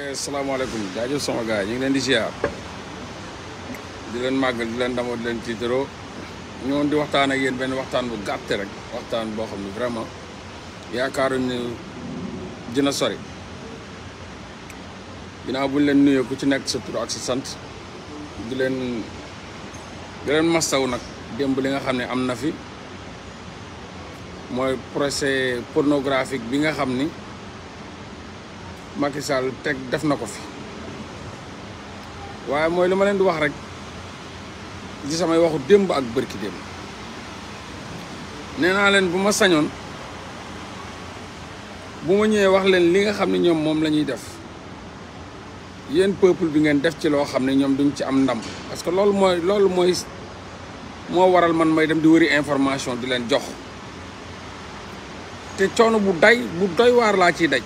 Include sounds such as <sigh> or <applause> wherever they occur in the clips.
Eh, salaamaaleykum jaajëf sama gars ñu ngi leen di ziar di leen màggal di leen damoo di leen tiitaroo ñoon di waxtaan ak yéen benn waxtaan bu gàtte rek waxtaan boo xam ne vraiment yaakaaruñ ne dina sori ginnaaw buñ leen nuyee ku ci nekk sa tur ak sa sant di leen di leen mastaw nag démb li nga xam ne am na fi mooy procès pornographique bi nga xam ni Macky teg def na ko fi waaye mooy li ma leen di wax rek ci samay waxu démb ak bërki démb nee naa leen bu ma sañoon bu ma ñëwee wax leen li nga xam ne ñoom moom la ñuy def yéen peuple bi ngeen def ci loo xam ne ñoom duñ ci am ndam parce que loolu mooy loolu mooy moo waral man may dem di wëri information di leen jox te coono bu day bu doy waar laa ciy daj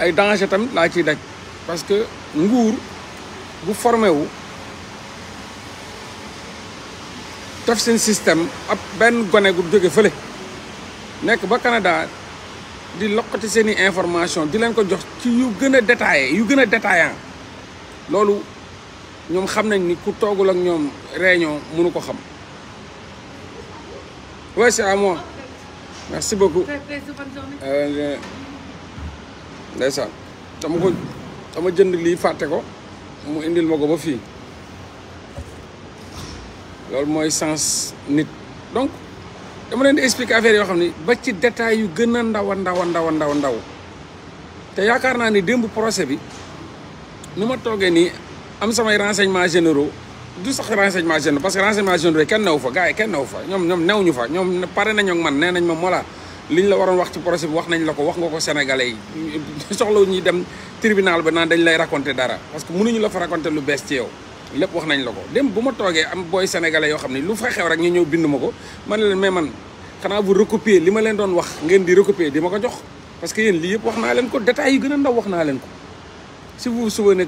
ay danger tamit laa ciy daj parce que nguur bu formé wu def seen système ab benn gone gu jóge fële nekk ba Canada di lokkati seen i information di leen ko jox ci yu gën a détaillé yu gën a détaillant loolu ñoom xam nañ ni ku toogul ak ñoom réunion mënu ko xam oui c'est à moi merci beaucoup ndeysaan dama ko dama jënd lii fàtte ko mu indil ma ko ba fii loolu mooy sens nit donc dama leen di expliquer affaire yoo xam ni ba ci détail yu gën a ndaw a ndaw a ndaw ndaw ndaw te yaakaar naa ni démb procès bi nu ma toogee nii am samay renseignements généraux du sax renseignements généraux parce que renseignements généraux kenn new fa gars yi kenn new fa ñoom ñoom new ñu fa ñoom pare na ak man nee nañ ma Mollah li ñu la waroon wax ci procès bi wax nañ la ko wax nga ko sénégalais yi <laughs> soxlawu ñuy dem tribunal ba naan dañ lay raconter dara parce que mënuñu la fa raconter lu bees ci yow lépp wax nañ la ko dem bu ma toogee am booy sénégalais yoo xam ne lu fa xew rek ñu ñëw bind ma ko man leen mais man xanaa bu recopier li ma leen doon wax ngeen di recopier di ma ko jox parce que yéen lii yëpp wax naa leen ko détails yi gën a ndaw wax naa leen ko si vous vous souvenez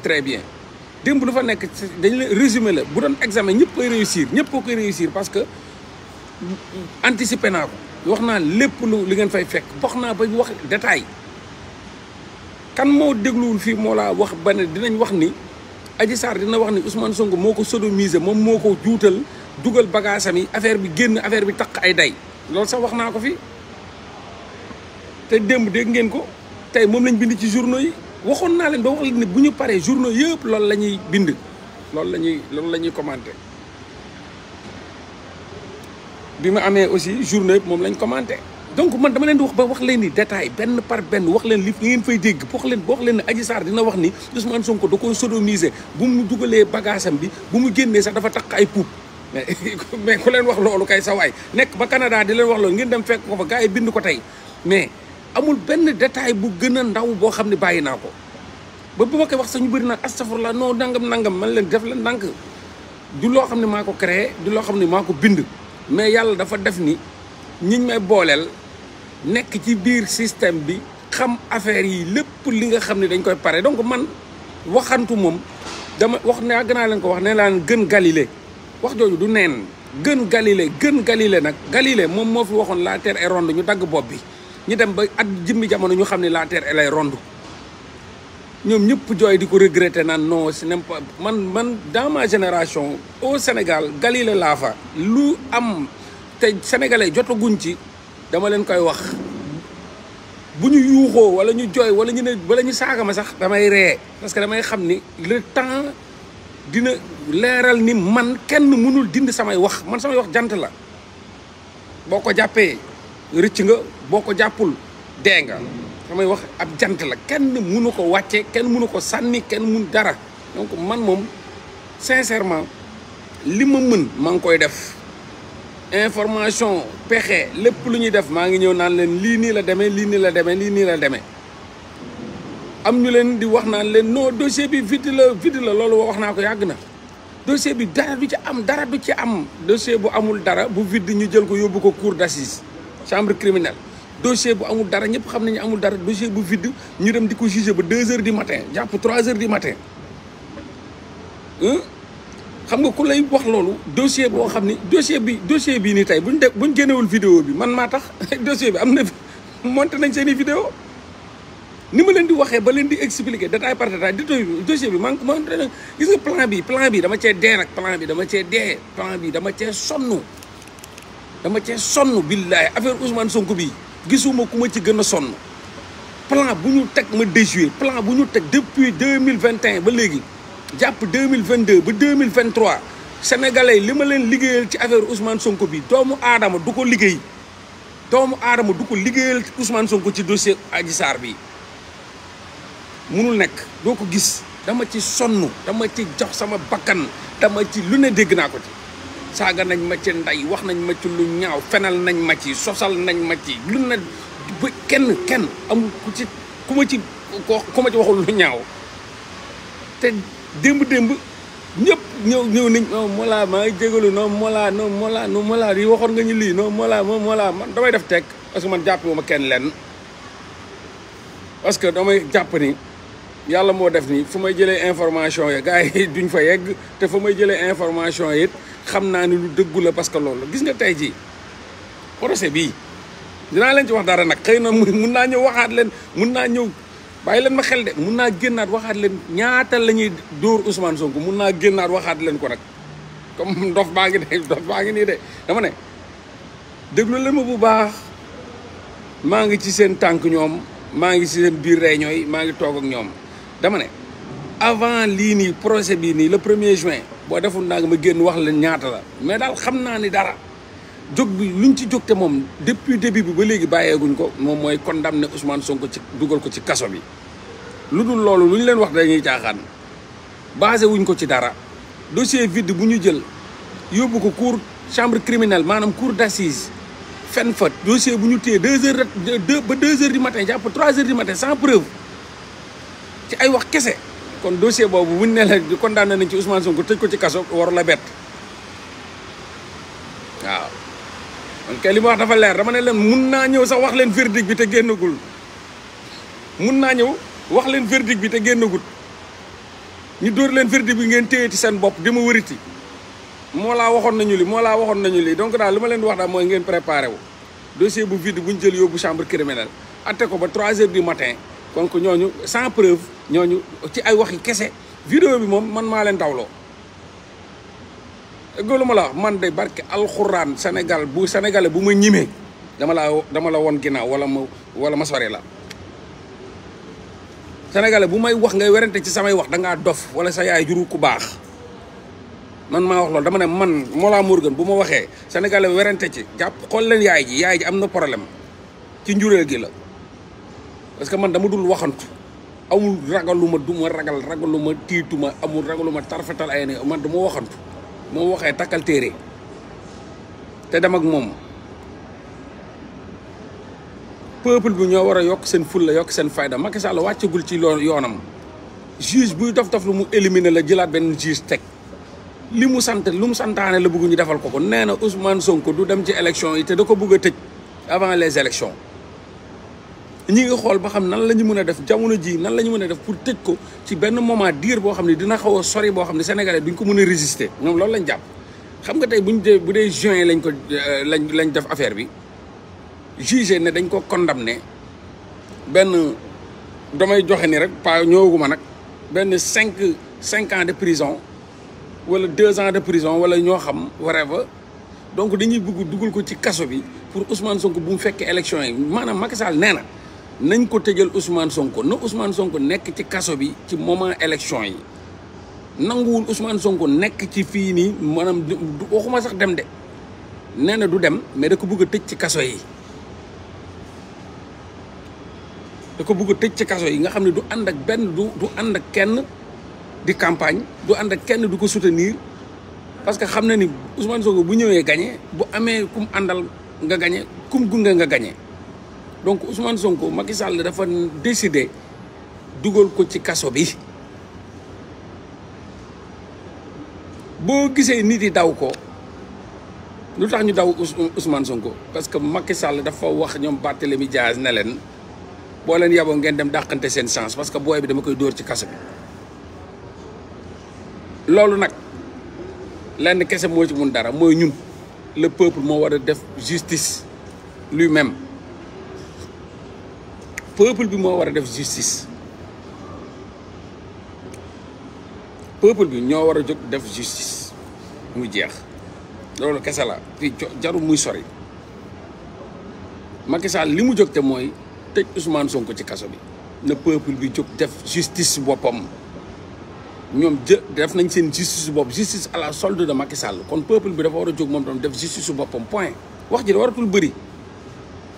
démb lu nekk dañ la résumé la bu doon examen ñëpp koy réussir ñëpp koy réussir parce que anticipé naa ko wax naa lépp lu li ngeen fay fekk wax naa ba wax détail kan moo dégluwul fii moo laa wax ba dinañ wax ni aji Sarr dina wax ni Ousmane Sonko moo ko sodomisé moom moo ko juutal dugal bagaasam yi affaire bi génn affaire bi taq ay day lool sax wax naa ko fi te démb dégg ngeen ko tey moom lañ bind ci journaux yi waxoon naa leen ba wax leen ne bu ñu paree journaux yëpp loolu la ñuy bind loolu la ñuy loolu la ñuy commenté bi ma amee aussi journée moom lañ commenté donc man dama leen di wax ba wax leen ni détail benn par benn wax leen li ngeen fay dégg wax leen wax leen ne Adji dina wax ni Ousmane Sonko da ko sodomiser bu mu dugalee bagaasam bi bu mu génnee sax dafa takk ay puub mais mais ku leen wax loolu kay sa waay nekk ba Canada di leen wax loolu ngeen dem fekk ko fa gars yi bind ko tey mais amul benn détail bu gën a ndaw boo xam ne bàyyi naa ko ba bu ma wax sax ñu bëri naan astafurlah non nangam nangam man leen def leen ndànk du loo xam ne maa ko créé du loo xam ne maa ko bind. mais yàlla dafa def ni ñiñ may booleel nekk ci biir système bi xam affaire yi lépp li nga xam ne dañ koy pare donc man waxantu moom dama wax naa gën naa leen ko wax ne laan gën Galilée wax jooju du neen gën Galilée gën Galilée nag Galilée moom moo fi waxoon la terre est ronde ñu dagg bopp bi ñu dem ba at jëmmi jamono ñu xam ne laa ter e lay rond ñoom ñëpp jooy di ko regretter naan non ce n'est man man dans génération au Sénégal Galilée laa fa lu am te sénégalais jotaguñ ci dama leen koy wax bu ñu yuuxoo wala ñu jooy wala ñu ne wala ñu saaga ma sax damay ree parce que damay xam ni le temps dina leeral ni man kenn mënul dindi samay wax man samay wax jant la boo ko jàppee rëcc nga boo ko jàppul dee nga damay wax ab jant la kenn mënu ko wàcce kenn munu ko sànni kenn mun dara donc man moom sincèrement li ma mën maa ngi koy def information pexe lépp lu ñuy def maa ngi ñëw naan leen lii nii la demee lii nii la demee lii nii la demee am ñu leen di wax naan leen non dossier bi vide la vide la loolu wax naa ko yàgg na dossier bi dara du ci am dara du ci am dossier bu amul dara bu vide ñu jël ko yóbbu ko cour d'assises chambre criminelle dossier bu amul dara ñëpp xam nañu amul dara dossier bu vide ñu dem di ko juger ba deux heures du matin jàpp trois heures du matin xam nga ku lay wax loolu dossier boo xam ni dossier bi dossier bii nii tey buñ def ñu génnewul video bi man maa tax <laughs> dossier bi am na monté nañ seen i vidéo ni ma leen di waxee ba leen di expliquer détail par détail dossier bi man man gis nga plan bi plan bi dama cee dee nag plan bi dama cee dee plan bi dama cee sonn dama cee sonn billaay affaire Ousmane Sonko bii gisuma ku ma ci gën a sonn plan bu ñu teg ma déjoué plan bu ñu teg depuis deux mille vingt et un ba léegi jàpp deux mille vingt deux ba deux mille vingt trois li ma leen liggéeyal ci affaire Ousmane Sonko bi doomu aadama du ko liggéey doomu aadama du ko liggéeyal Ousmane Sonko ci dossier Adji Sarr bi munul nekk doo ko gis dama ci sonn dama ci jox sama bakkan dama ci lu ne dégg naa ko ci. saaga nañ ma ci ndey wax nañ ma ci lu ñaaw fenal nañ ma ci sosal nañ ma ci lu ne kenn kenn amul ku ci ku ma ci ma ci waxul lu ñaaw te démb démb ñëpp ñëw ñëw nañ non Mollah maa ngi jégalu non Mollah non Mollah waxoon nga lii non Mollah non Mollah man damay def teg parce que man jàppee ma kenn lenn parce que damay jàpp ni yàlla moo def nii fu may jëlee information yi gars yi <laughs> duñ fa yegg te fu may jëlee information yit xam naa ni lu dëggu la parce que loolu gis nga tey jii procès bi dinaa leen ci wax dara nag xëy na mun naa ñëw waxaat leen mun naa ñëw bàyyi leen ma xel de mun naa génnaat waxaat leen ñaata la ñuy dóor Ousmane Sonko mun naa génnaat waxaat leen ko nag comme dof baa ngi de dof baa ngi nii de dama ne déglu leen ma bu baax maa ngi ci seen tànk ñoom maa ngi ci seen biir réunion yi maa ngi toog ak ñoom dama ne avant lii nii procès bii nii le premier juin boo deful naa nga ma génn wax leen ñaata la mais daal xam naa ni dara jóg bi luñ ci jóg te moom depuis début bi ba léegi bàyyeeguñ ko moom mooy kon ne condamné Ousmane ko ci dugal ko ci kaso bi lu dul loolu lu ñu leen wax day dañuy caaxaan basé wuñ ko ci dara dossier vide bu ñu jël yóbbu ko cour chambre criminelle maanaam cour d'assises fen fa dossier bu ñu téye deux heures deux ba deux heures du matin jàpp trois heures du matin sans preuve ci ay wax kese kon dossier boobu wuñ ne la condamné nañ ci Ousmane Sonko tëj ko ci kaso waru la bett waaw man kay li ma wax dafa leer dama ne leen mun naa ñëw sax wax leen verdict bi te génnagul mun naa ñëw wax leen verdict bi te génnagul ñu dóor leen verdict bi ngeen téye ci seen bopp di ma wëriti moo laa waxoon nañu li moo laa waxoon nañu li donc daal li ma leen wax daal mooy ngeen préparé wu dossier bu vide bu jël yóbbu chambre criminelle atte ko ba 3 heures du matin donc ñooñu sans preuve ñooñu ci ay waxi kese vidéo bi moom man maa leen dawloo gëluma la man de barke alxuraan Sénégal bu sénégalais bu ma ñimee dama la dama la woon ginnaaw wala ma wala ma sore la sénégalais bu may wax ngay werante ci samay wax dangaa dof wala sa yaay juru ku baax man maa wax loolu dama ne man Mollah Morgun bu ma waxee sénégalais werante ci jàpp xool leen yaay ji yaay ji am na problème ci njureel gi la parce que man dama dul waxantu amul ragaluma du ma ragal ragaluma tiituma amul ragaluma tarfetal ay ne man dama waxantu moo waxee takkal téere te dem ak moom peuple bi ñoo war a yokk seen la yokk seen fayda Macky Sall wàccagul ci loo yoonam juge buy dof dof lu mu éliminer la jëlaat benn juge teg li mu sant lu mu santaane la bëgg ñu defal ko ko nee na Ousmane Sonko du dem ci élection yi te da ko bëgg a tëj avant les élections ñi ngi xool ba xam nan la ñu mën a def jamono ji nan la ñu mën a def pour tëj ko ci benn moment diir boo xam ne dina xaw sori boo xam ne sénégalais duñ ko mën a résister ñoom loolu lañ jàpp xam nga tey buñ dee bu dee juin lañ ko euh, lañ lañ def affaire bi jugé ne dañ ko condamné benn damay joxe ni rek pa ñëwaguma nag benn cinq cinq ans de prison wala deux ans de prison wala ñoo xam whatever donc dañuy bëgg dugal ko ci kaso bi pour Ousmane Sonko bu mu fekkee élection yi maanaam Macky Sall nee na nañ ko tëjal Ousmane Sonko na Ousmane Sonko nekk ci kaso bi ci moment élection yi nanguwul Ousmane Sonko nekk ci fii nii maanaam waxuma sax dem de nee na du dem mais da ko bëgg a tëj ci kaso yi. da ko bëgg tëj ci kaso yi nga xam ne du ànd ak benn du du ànd ak kenn di campagne du ànd ak kenn du ko soutenir parce que xam na ni Ousmane Sonko bu ñëwee gagné bu amee kum àndal nga gagné kum gunge nga gagné. donc Ousmane Sonko Macky Sall dafa décidé dugal ko ci kaso bi boo gisee nit yi daw ko lu tax ñu daw Ousmane Sonko parce que Macky Sall dafa wax ñoom Barthélemy Diaz ne leen boo leen yaboo ngeen dem dàqante seen chance parce que booy bi dama koy dóor ci kaso bi loolu nag lenn kese moo ci mun dara mooy ñun le peuple moo war a def justice luy même peuple bi moo war a def justice peuple bi ñoo war a jóg def justice mu jeex loolu kese la fii jarul muy sori Macky li mu jóg te mooy tëj Ousmane Sonko ci kaso bi na peuple bi jóg def justice boppam ñoom jë def nañ seen justice bopp justice à la solde de Macky Sall kon peuple bi dafa war a jóg moom tam def justice boppam point wax ji da waratul bari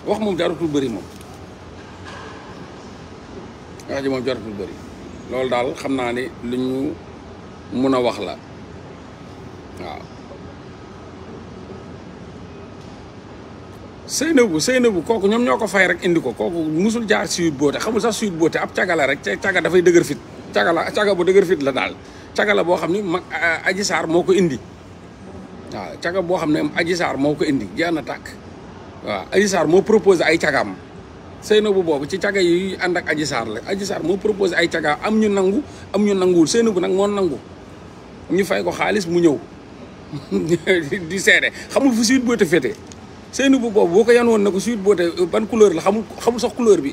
wax moom da waratul bëri moom. wax ji moom joratul bëri loolu daal xam naa ni lu ñu mun a wax la waaw Seynabou Seynabou kooku ñoom ñoo ko fay rek indi ko kooku musul jaar Sweet Beauté xamul sax Sweet Beauté ab cagala rek ca caga dafay dëgër fit cagala caga la daal cagala boo xam ni mag Adji moo ko indi waaw caga boo xam ne Adji Sarr moo ko indi jeex na tàkk waaw Adji Sarr moo proposé ay cagam bu boobu ci caga yi ànd ak Adji Sarr la Adji Sarr moo proposé ay caga am ñu nangu am ñu nanguwul Seynabou nag moo nangu ñu fay ko xaalis mu ñëw <laughs> di seede xamul fu Sweet Beauté féete bu boobu boo ko yan woon na ko Sweet Beauté euh, ban couleur la xamul xamul sax couleur bi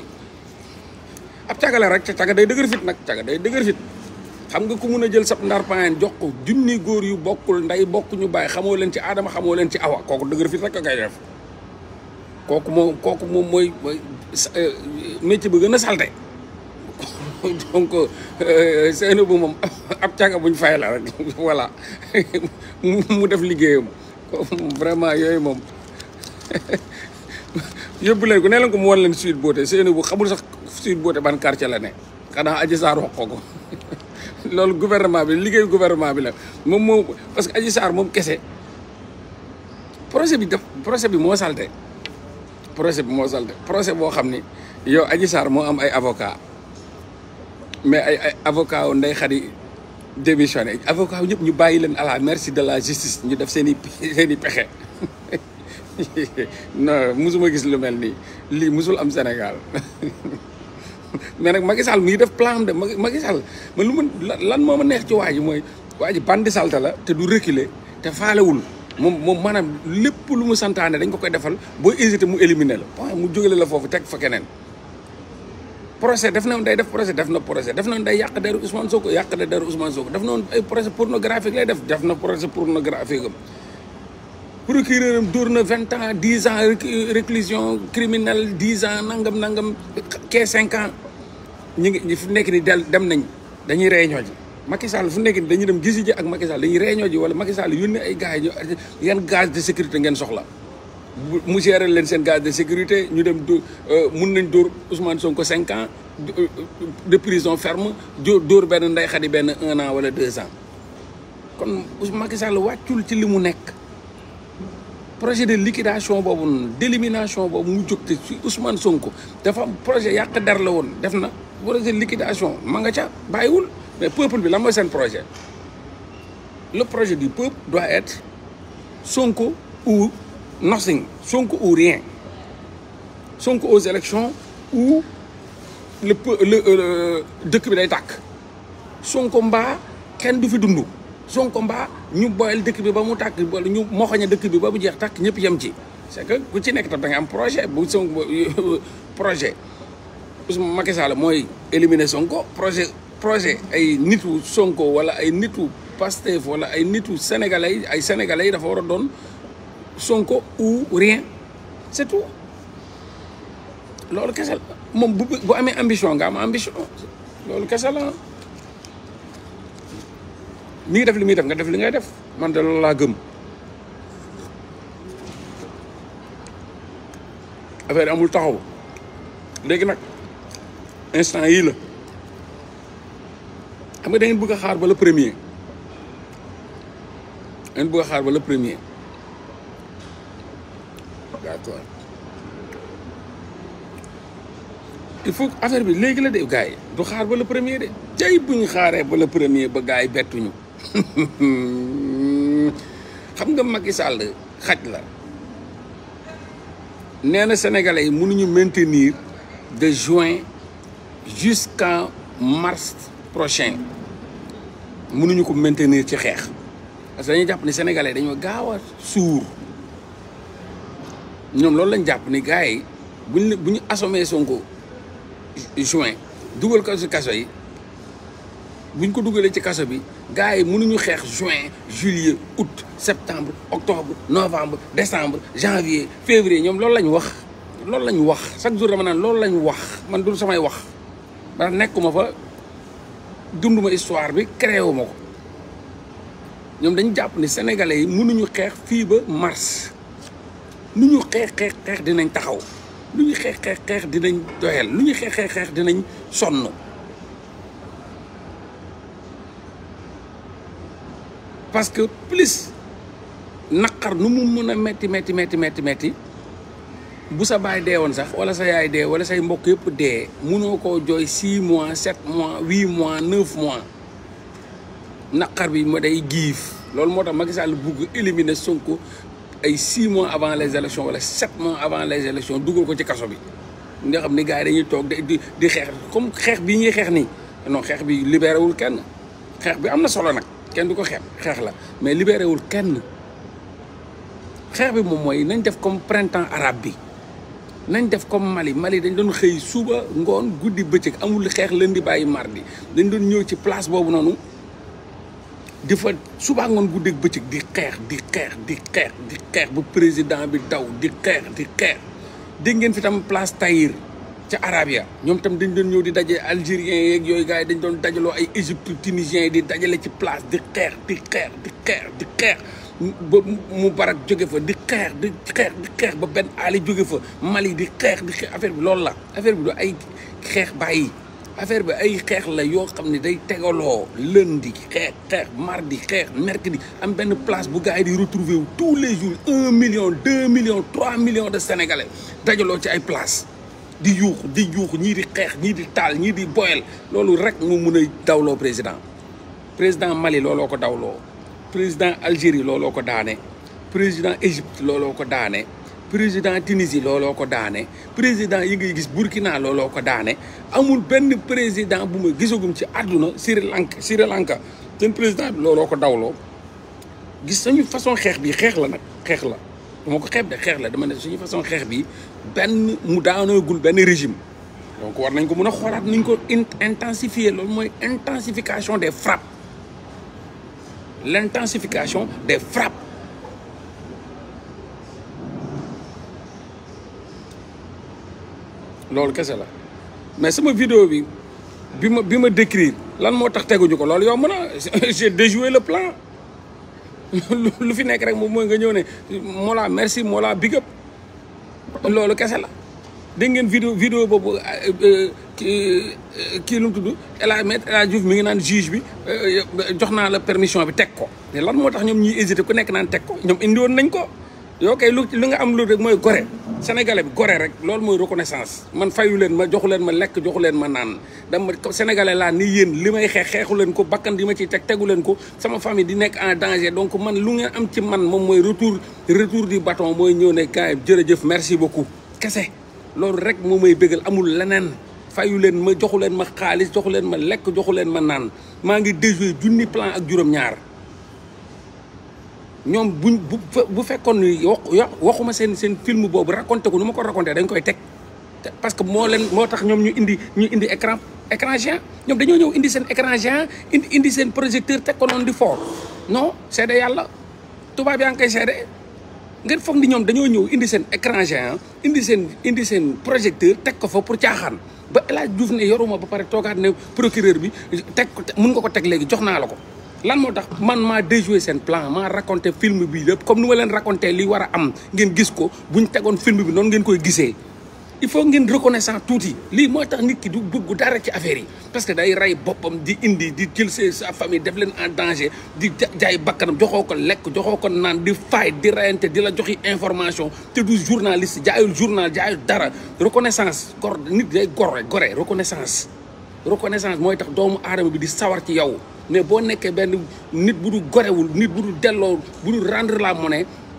ab caga la rek ca caga day dëgër fit nag caga day dëgër fit xam nga ku mun a jël sab ndar payen jox ko junni góor yu bokkul nday bokk ñu bàyyi xamoo leen ci aadama xamoo leen ci awa kooku dëgër fit rek a koy kooku moom kooku moom mooy euh, métier bu gën a salte <laughs> donc euh, seen bu moom ab cànga buñ fay la rek <laughs> voilà <laughs> mu def liggéeyam vraiment yooyu moom yóbbu leen ko nee leen ko mu wan leen Sweet Beauté seen bu xamul sax Sweet Beauté ban quartier la ne xanaa Adji Sarr wax ko loolu gouvernement bi liggéeyu gouvernement bi la moom moo parce que aji saar moom kese projet bi def projet bi moo salte procès bi moo salte procès boo xam ni yow Adji Sarr moo am ay avocat mais ay ay avocat wu ndey xari démissionné avocat wu ñëpp ñu bàyyi leen à merci de la justice ñu def seen i seen i pexe <laughs> non musuma gis lu mel nii lii musul am Sénégal <laughs> mais nag Macky Sall mu ngi def plan de Macky Sall man lu ma lan moo ma neex ci waa ji mooy waa ji bandi salte la te du reculer te faalewul moom moom maanaam lépp lu mu santaane dañ ko koy defal boo hésité mu éliminer la point mu jógale la foofu teg fa keneen procès def na day def procès def na procès def na day yàq deru Ousmane Sonko yàq na deru Ousmane Sonko def na ay procès pornographique lay def def na procès pornographique am procureur am dóor na vingt ans dix ans réclusion criminelle dix ans nangam nangam quinze cinq ans ñu ngi ñu fi nekk nii del dem nañ dañuy réunion ji Macky Sall fu nekk dañu dem gisi ji ak Macky Sall dañuy réunion ji wala Macky Sall yónnee ay gars yi ñu yan gaz de sécurité ngeen soxla mu gérer leen seen gaz de sécurité ñu dem du euh, mun nañ dóor Ousmane Sonko cinq ans euh, de prison ferme dóor dóor benn nday xadi benn un an wala deux ans kon Macky Sall wàccul ci li mu nekk projet de liquidation boobu d'élimination boobu mu jóg ci Ousmane Sonko dafa projet yàq dar la woon def na projet de liquidation ma nga ca bàyyiwul. mais peuple bi lan mooy seen projet le projet du peuple doit être Sonko ou nothing Sonko ou rien Sonko aux élections ou le euh, le dëkk bi day tàkk Sonko mbaa kenn du fi dund Sonko mbaa ñu boyal dëkk bi ba mu tàkk wala ñu moxoña dëkk bi ba mu jeex tàkk ñëpp yem ci c'est que ku ci nekk tam da am projet bu Sonko <laughs> projet Ousmane Macky Sall mooy éliminer Sonko projet projet ay nitu Sonko wala ay nitu Pastef wala ay nitu sénégalais ay sénégalais dafa war a doon Sonko ou rien c'est tout loolu kese moom bu amee ambition nga am ambition loolu kese la mi ngi def li muy def nga def li ngay def man de loolu laa gëm affaire amul taxaw léegi nag instant yii la. xam nga da ngeen bëgg a xaar ba le premier xaar ba le premier il faut affaire bi léegi la de gars yi du xaar ba le premier de jay bu ñu xaaree ba le premier ba gars bettuñu xam nga Macky Sall xaj la nee na sénégalais yi mënuñu maintenir de juin jusqu'en mars prochain mënuñu ko maintenir ci xeex parce que dañuy jàpp ni sénégalais dañoo gaaw a suur ñoom loolu lañ jàpp ni gars yi buñ bu ñu assommé Sonko juin dugal ko ci kaso yi buñ ko dugalee ci kaso bi gars yi mënuñu xeex juin juillet août septembre octobre novembre décembre janvier février ñoom loolu lañ wax loolu lañ wax chaque jour dama naan loolu lañ wax man du samay wax ba nekkuma fa dunduma histoire bi créé wu ko ñoom dañ jàpp ni sénégalais yi mënuñu xeex fii ba mars nu ñu xeex xeex xeex dinañ taxaw lu ñu xeex xeex xeex dinañ doyal lu ñu xeex xeex dinañ sonn parce que plus naqar nu mu mën a metti metti metti metti metti bu sa baay dee woon sax wala sa yaay dee wala say mbokk yëpp dee munoo koo jooy 6 mois 7 mois 8 mois 9 mois naqar bi ma day giif loolu moo tax Macky Sall bugg éliminer Sonko ay 6 mois avant les élections wala 7 mois avant les élections dugal ko ci kaso bi nga xam ni gars yi dañuy toog di di xeex comme xeex bi ñuy xeex nii non xeex bi libéré wul kenn xeex bi am na solo nag kenn du ko xeex xeex la mais libéré wul kenn xeex bi moom mooy nañ def comme printemps arabe bi. nañ def comme Mali Mali dañ doon xëy suba ngoon guddi bëccëg amul xeex lundi bàyyi mardi dañ doon ñëw ci place boobu noonu di suba ngoon guddi ak bëccëg di xeex di xeex di xeex di xeex bu président bi daw di xeex di xeex dégg ngeen fi tam place Tahrir ca ya ñoom tam dañ doon ñëw di daje algériens yeeg yooyu gars yi dañ doon dajaloo ay égypte tunisiens yi di dajale ci place di xeex di xeex di xeex di xeex ba mu barak jóge fa di xeex di xeex di xeex ba benn aali jóge fa Mali di xeex di xeex affaire bi loolu la affaire bi doo ay xeex bàyyi affaire bi ay xeex la yoo xam ne day tegaloo lundi xeex xeex mardi xeex mercredi am benn place bu gars yi di retrouver wu tous les jours un million deux millions trois millions de sénégalais dajaloo ci ay place di yuuxu di yuuxu ñii di xeex ñii di taal ñii di boyal loolu rek moo mun a dawloo président président Mali looloo ko dawloo président Algérie looloo ko daane président Égypte looloo ko daane président Tunisie looloo ko daane président yi ngay gis Burkina looloo ko daane amul benn président bu ma gisagum ci àdduna Sri Lanka Sri Lanka seen président looloo ko dawloo gis suñu façon xeex bi xeex la nag xeex la dama ko xeeb de xeex la dama ne suñu façon xeex bi benn mu daanoogul benn régime donc war nañ ko mun a xoolaat nañ ko intensifier loolu mooy intensification des frappes l'intensification des frappes. loolu kese la mais sama vidéo bi bi ma bi ma décrire lan moo tax teguñu ko loolu yomb na <laughs> j'ai déjoué le plan lu fi nekk rek moom mooy nga ñëw ne Mollah merci Mollah big up loolu kese la. dégg ngeen vidéo vidéo boobu euh, euh, euh, kii lu mu tudd El Hadj Me El mi ngi naan juge bi jox naa la permission bi teg ko mais lan moo tax ñoom ñuy hésité ku nekk naan teg ko ñoom indi woon nañ ko yow kay lu li nga am loolu rek mooy gore sénégalais bi rek loolu mooy reconnaissance man fayu leen ma joxu leen ma lekk joxu leen ma naan dama sénégalais laa ni yéen li may xeex xeexu leen ko bakkan di ma ciy teg tegu leen ko sama famille di nekk en danger donc man lu ngeen am ci man moom mooy retour retour du bâton mooy ñëw ne gars jërëjëf merci beaucoup kese loolu rek moo may bégal amul leneen fayu leen ma joxu leen ma xaalis joxu leen ma lekk joxu leen ma naan maa ngi déjoué junni plan ak juróom-ñaar ñoom buñ bu bu fekkoon ni waxuma seen seen film boobu raconté ko nu ma ko raconté dañ koy teg parce que moo leen moo tax ñoom ñu indi ñu indi écran écran ñoom dañoo ñëw indi seen écran indi indi seen projecteur teg ko noonu di fort non seede yàlla tubaab yaa ngi koy seede ngeen foog ni ñoom dañoo ñëw indi seen écran géant indi seen indi seen projecteur teg ko fa pour caaxaan ba El Hadj ne yoruma ba pare toogaat ne procureur bi teg ko mun nga ko teg léegi jox naa la ko. lan moo tax man maa déjoué seen plan maa raconté film bi lépp comme ni ma leen raconté li war a am ngeen gis ko buñ tegoon film bi noonu ngeen koy gisee. il faut ngeen reconnaissant tuuti lii mooy tax nit ki du bëgg dara ci affaire yi parce que day rey boppam di indi di jël sa famille def leen en danger di jaay bakkanam joxoo ko lekk joxoo ko naan di faay di reyante di la joxi information te du journaliste jaayul journal jaayul dara reconnaissance gor nit day gore gore reconnaissance reconnaissance mooy tax doomu aadama bi di sawar ci yow mais boo nekkee benn nit bu du gorewul nit bu du delloo bu du rendre la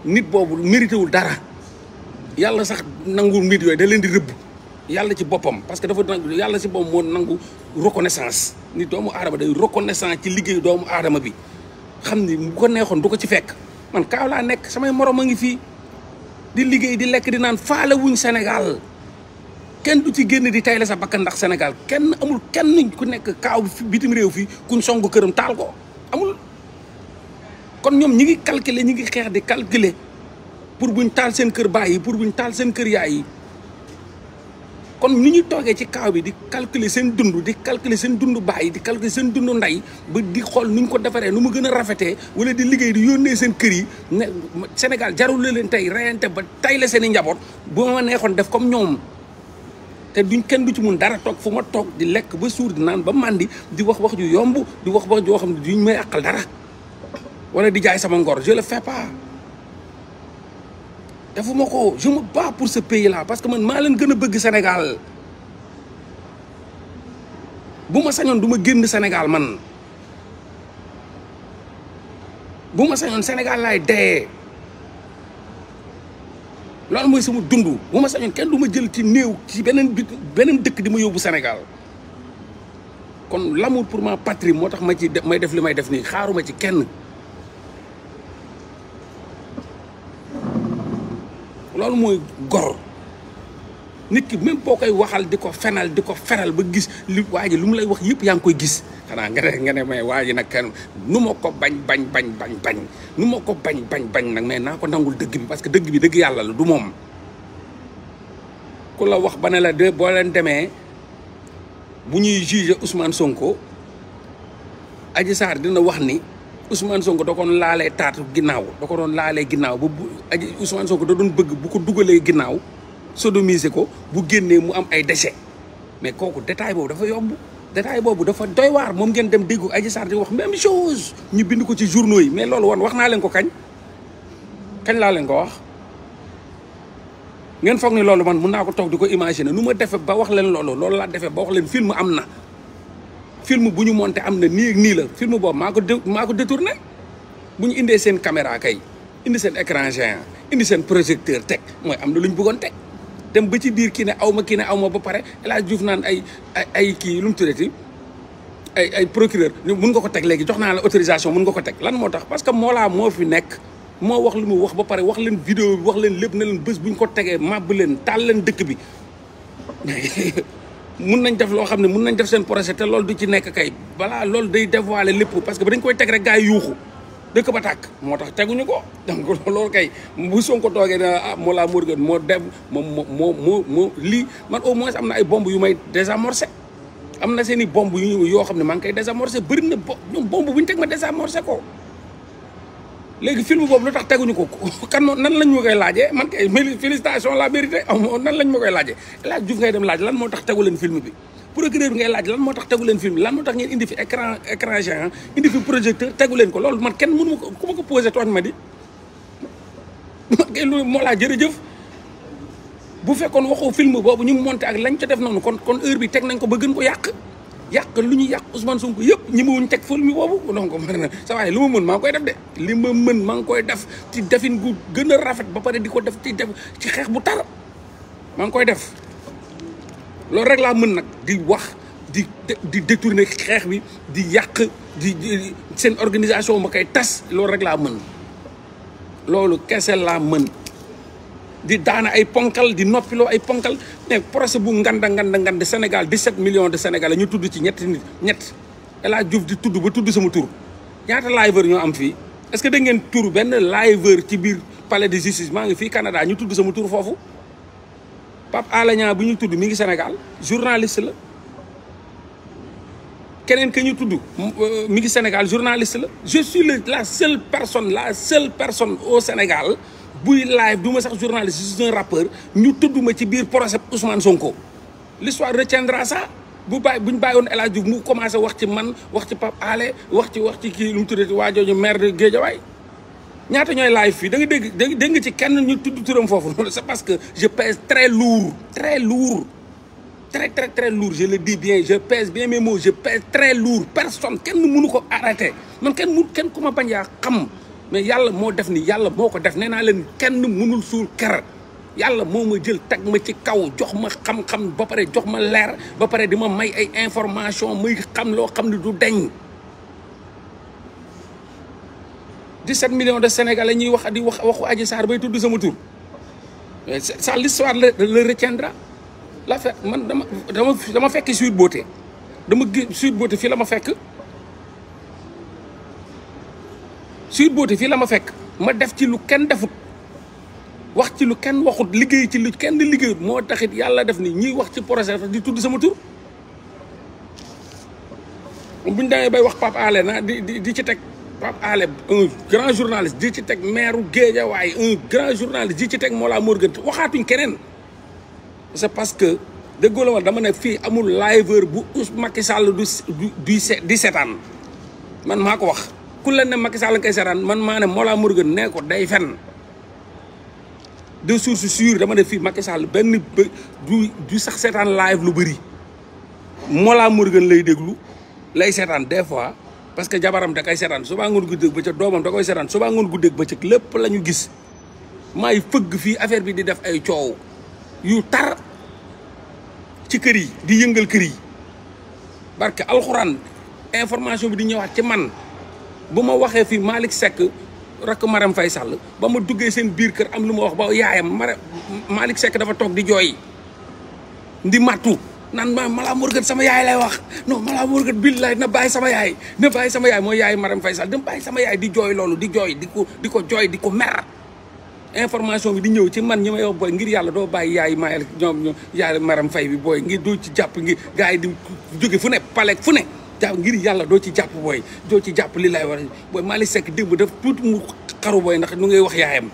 nit boobu mérité wul dara yàlla sax nangu nit yooyu da leen di rëbb yàlla ci boppam parce que dafa yàlla si boppam moo nangu reconnaissance ni doomu aadama day reconnaissance ci liggéey doomu aadama bi xam ni bu ko neexoon du ko ci fekk man kaaw laa nekk samay morom a ngi fii di liggéey di lekk di naan faale wuñ Sénégal kenn du ci génn di tayla sa bakkan ndax Sénégal kenn amul kenn ku nekk kaaw bitim réew fii kuñ song këram taal ko amul kon ñoom ñi ngi calculer ñi ngi xeex di calculer pour buñ taal seen kër baay yi pour buñ taal seen kër yaay yi kon ni ñu toogee ci kaaw bi di calculer seen dund di calculer seen dund baay di calculer seen dund ndey ba di xool nu ñu ko defaree nu mu gën a rafetee wala di liggéey di yónnee seen kër yi ne Sénégal jarul la leen tey reyante ba tay la seen i njaboot bu ma neexoon def comme ñoom te duñ kenn du ci mun dara toog fu ma toog di lekk ba suur di naan ba màndi di wax wax ju yomb di wax wax joo xam ne duñ may àqal dara wala di jaay sama ngor je le fais pas. defuma ko je me bats pour ce pays là parce que man maa leen gën a bëgg Sénégal bu ma sañoon duma génn Sénégal man bu ma sañoon Sénégal laay dee loolu mooy suma dund bu ma sañoon kenn du ma jël ci néew ci beneen beneen dëkk di ma yóbbu Sénégal kon l'amour pour ma patrie moo tax ma ci may def li may def nii xaaruma ci kenn loolu mooy gor nit ki même boo koy waxal di ko fenal di ko fenal ba gis li waa ji lu mu lay wax yëpp yaa ngi koy gis xanaa nga ne nga ne mais waa nag kan nu ma ko bañ bañ bañ bañ bañ nu ma ko bañ bañ bañ nag mais naa ko nangul dëgg bi parce que dëgg bi dëgg yàlla la du moom ku la wax ba ne la de boo leen demee bu ñuy juger Ousmane Sonko Adji saar dina wax ni Ousmane Sonko da ko doon laalee taatu ginnaaw da ko doon laalee ginnaaw ba bu Ousmane Sonko da doon bëgg bu ko dugalee ginnaaw sodomiser ko bu génnee mu am ay déchets mais kooku détail boobu dafa yomb détail boobu dafa doy waar moom ngeen dem dégg Adji Sarr di wax même chose ñu bind ko ci journaux yi mais loolu wan wax naa leen ko kañ kañ laa leen ko wax ngeen foog ni loolu man mun naa ko toog di ko imaginer nu ma defe ba wax leen loolu loolu laa defee ba wax leen film am na film bu ñu monté am na nii nii la film boobu maa ko maa ko bu ñu indee seen caméra kay indi seen écran géant indi seen projecteur teg mooy am na lu ñu bëggoon teg dem ba ci biir kii ne aw ma kii ne aw ba pare laa Hadj naan ay ay kii lu mu tuddati ay ay procureur mun nga ko teg léegi jox naa la autorisation mun nga ko teg lan moo tax parce que Mollah moo fi nekk moo wax lu mu wax ba pare wax leen vidéo bi wax leen lépp na leen bés bu ñu ko tegee màbb leen taal leen dëkk bi <laughs> mun nañ def loo xam ne mun nañ def seen projet te loolu du ci nekk kay balaa loolu day dévoiler lépp parce que ba dañ koy teg rek gaa yi yuuxu dëkk ba tàkk moo tax teguñu ko donc <laughs> lool kay bu Sonko toogee na ah Mollah Morgun moo dem moom moo moo moo lii man au moins am na ay bomb yu may désamorcé am na seen i bomb yu yoo xam ne maa ngi koy désamorcé bëri na bo bomb bu ñu teg ma désamorcé ko léegi film boobu lu tax teguñu ko kan nan lañ ma koy laaje man kay félicitation la vérité nan lañ ma koy laajee El Hadj Diouf ngay dem laaj lan moo tax tegu leen film bi procureur bi ngay laaj lan moo tax tegu leen film lan moo tax ngeen indi fi écran écran géant indi fi projecteur tegu leen ko loolu man kenn mënu ma ko ku ma ko posé tooñ ma di man <laughs> kay loolu moo laa jërëjëf bu fekkoon waxoo film boobu ñu monte ak lañ ca def noonu kon kon heure bi teg nañ ko ba gën ko yàq yàq lu ñu yàq Ousmane Sonko yëpp ñi ma wuñ teg fël mi boobu donc man sa waaye li ma mën maa ngi koy def de li ma mën maa ngi koy def ci defin gu gën a rafet ba pare di ko def ci def ci xeex bu tar maa ngi koy def loolu rek laa mën nag di wax di di détourner xeex bi di yàq di seen organisation ma koy tas loolu rek laa mën loolu kese laa mën di daana ay ponkal di noppiloo ay ponkal ne procès bu nganda nganda ngand Sénégal 17 million de Sénégalais ñu tudd ci ñett nit ñett El di tudd ba tudd sama tur ñaata liveur ñoo am fii est-ce que da ngeen tur benn liveur ci biir palais de justice maa ngi fii Canada ñu tudd sama tur foofu Pape Alé Niang bu ñu tudd mi ngi Sénégal journaliste la keneen ke ñu tudd euh, mi ngi Sénégal journaliste la je suis la seule personne la seule personne au Sénégal buy live du ma sax journaliste je suis un rappeur ñu tudduma ci biir procès Ousmane Sonko l'histoire retiendra ça bu bàyyi bu ñu bàyyi woon El Hadj Diouf mu commencé wax ci man wax ci Pape Alé wax ci wax ci kii lu mu tuddati waa jooju maire de Guédiawaye ñaata ñooy live fii da nga dégg dégg nga ci kenn ñu tudd turam foofu loolu c'est parce que je pèse très lourd très lourd très très très lourd je le dis bien je pèse bien mes mots je pèse très lourd personne kenn mënu ko arrêter man kenn mu kenn ku ma bañ yaa mais yàlla moo def nii yàlla moo ko def nee naa leen kenn mënul suul ker yàlla moo ma jël teg ma ci kaw jox ma xam-xam ba pare jox ma leer ba pare di ma may ay information muy xam loo xam ne du deñ set million de sénégalais ñuy wax di wax waxu Adji Sarr bay tudd sama tur mais ça l'histoire le le retiendra la fe man dama dama dama fekk Sweet Beauté dama gis Sweet Beauté fii la ma fekk. Sweet Beauté fii la ma fekk ma def ci lu kenn defut wax ci lu kenn waxut liggéey ci lu kenn liggéeyut moo taxit yàlla def ni ñuy wax ci projet di tudd sama tur bu ñu demee bay wax Pape Alé na di di di ci teg Pape Alé un grand journaliste di ci teg maire Guédiawaye un grand journaliste di ci teg Mollah Morgun waxaatuñ keneen c'est parce que déggoo dama ne fii amul liveur bu us Macky sàll du du di seetaan man maa ko wax ku leen ne Macky Sall kay saraan man maa ne Mollah Morgun nee ko day fen de source sûre dama ne fii Macky Sall benn du du sax seetaan live lu bëri Mollah Morgun lay déglu lay seetaan des fois parce que jabaram da koy seetaan suba ngoon guddeeg bëccëg doomam da koy seetaan suba ngoon guddeeg bëccëg lépp la ñu gis may fëgg fii affaire bi di def ay coow yu tar ci kër yi di yëngal kër yi barke alxuraan information bi di ñëwaat ci man bu ma waxee fii Malick Seck rakk Marème Faye Sall ba ma duggee seen biir kër am lu ma wax ba yaayam Mara Malick sekk dafa toog di jooy ndi mattu nan ma Mollah Morgun sama yaay lay wax non Mollah bi billaay na bàyyi sama yaay na bàyyi sama yaay mooy yaay Marème Faye Sall dama sama yaay di jooy loolu di jooy di ko di ko jooy di ko mer information bi di ñëw ci man ñi may wax booy ngir yàlla doo bàyyi yaay mayel ñoom ñoom yaay Marème bi booy ngir doo ci jàpp ngir gars yi di jóge fu ne pale fu ne jaa ngir yàlla doo ci jàpp booy doo ci jàpp li lay war a booy Malick Seck démb daf tuuti mu xaru booy ndax nu ngay wax yaayam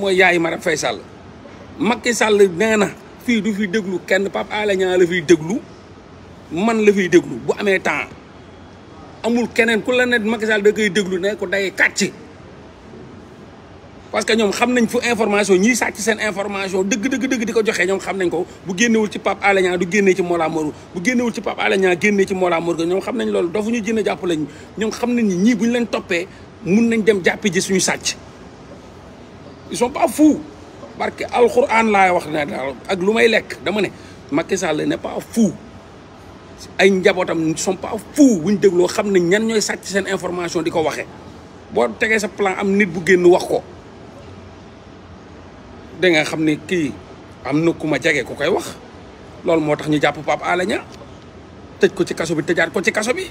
mooy yaay Marème Faye Sall Macky Sall nee na fii du fi déglu kenn Pape Alé Niang la fiy déglu man la fiy déglu bu amee temps amul keneen ku la ne Macky Sall da koy déglu ne ko day kàcc parce que ñoom xam nañ fu information ñiy sàcc seen information dëgg dëgg dëgg di ko joxe ñoom xam nañ ko bu génnewul ci Pape Alé Niang du génnee ci Mollah Morgun bu génnewul ci Pape Alé Niang génnee ci Mollah Morgun ñoom xam nañ loolu dafa ñu xam nañ ni ñii ñu leen toppee mun nañ dem jàppi ji suñu sàcc ils sont pas fous barke alxuraan laay wax ne daal ak lu may lekk dama ne Macky Sall n'est ay njabootam ne sont pas fous bu ñu dégloo xam ne ñan ñooy sàcc seen information di ko waxee boo tegee sa plan am nit bu génn wax ko. da nga xam ne kii am na ku ma jege ku koy wax loolu moo tax ñu jàpp Pape Alé Niang tëj ko ci kaso bi tëjaat ko ci kaso bi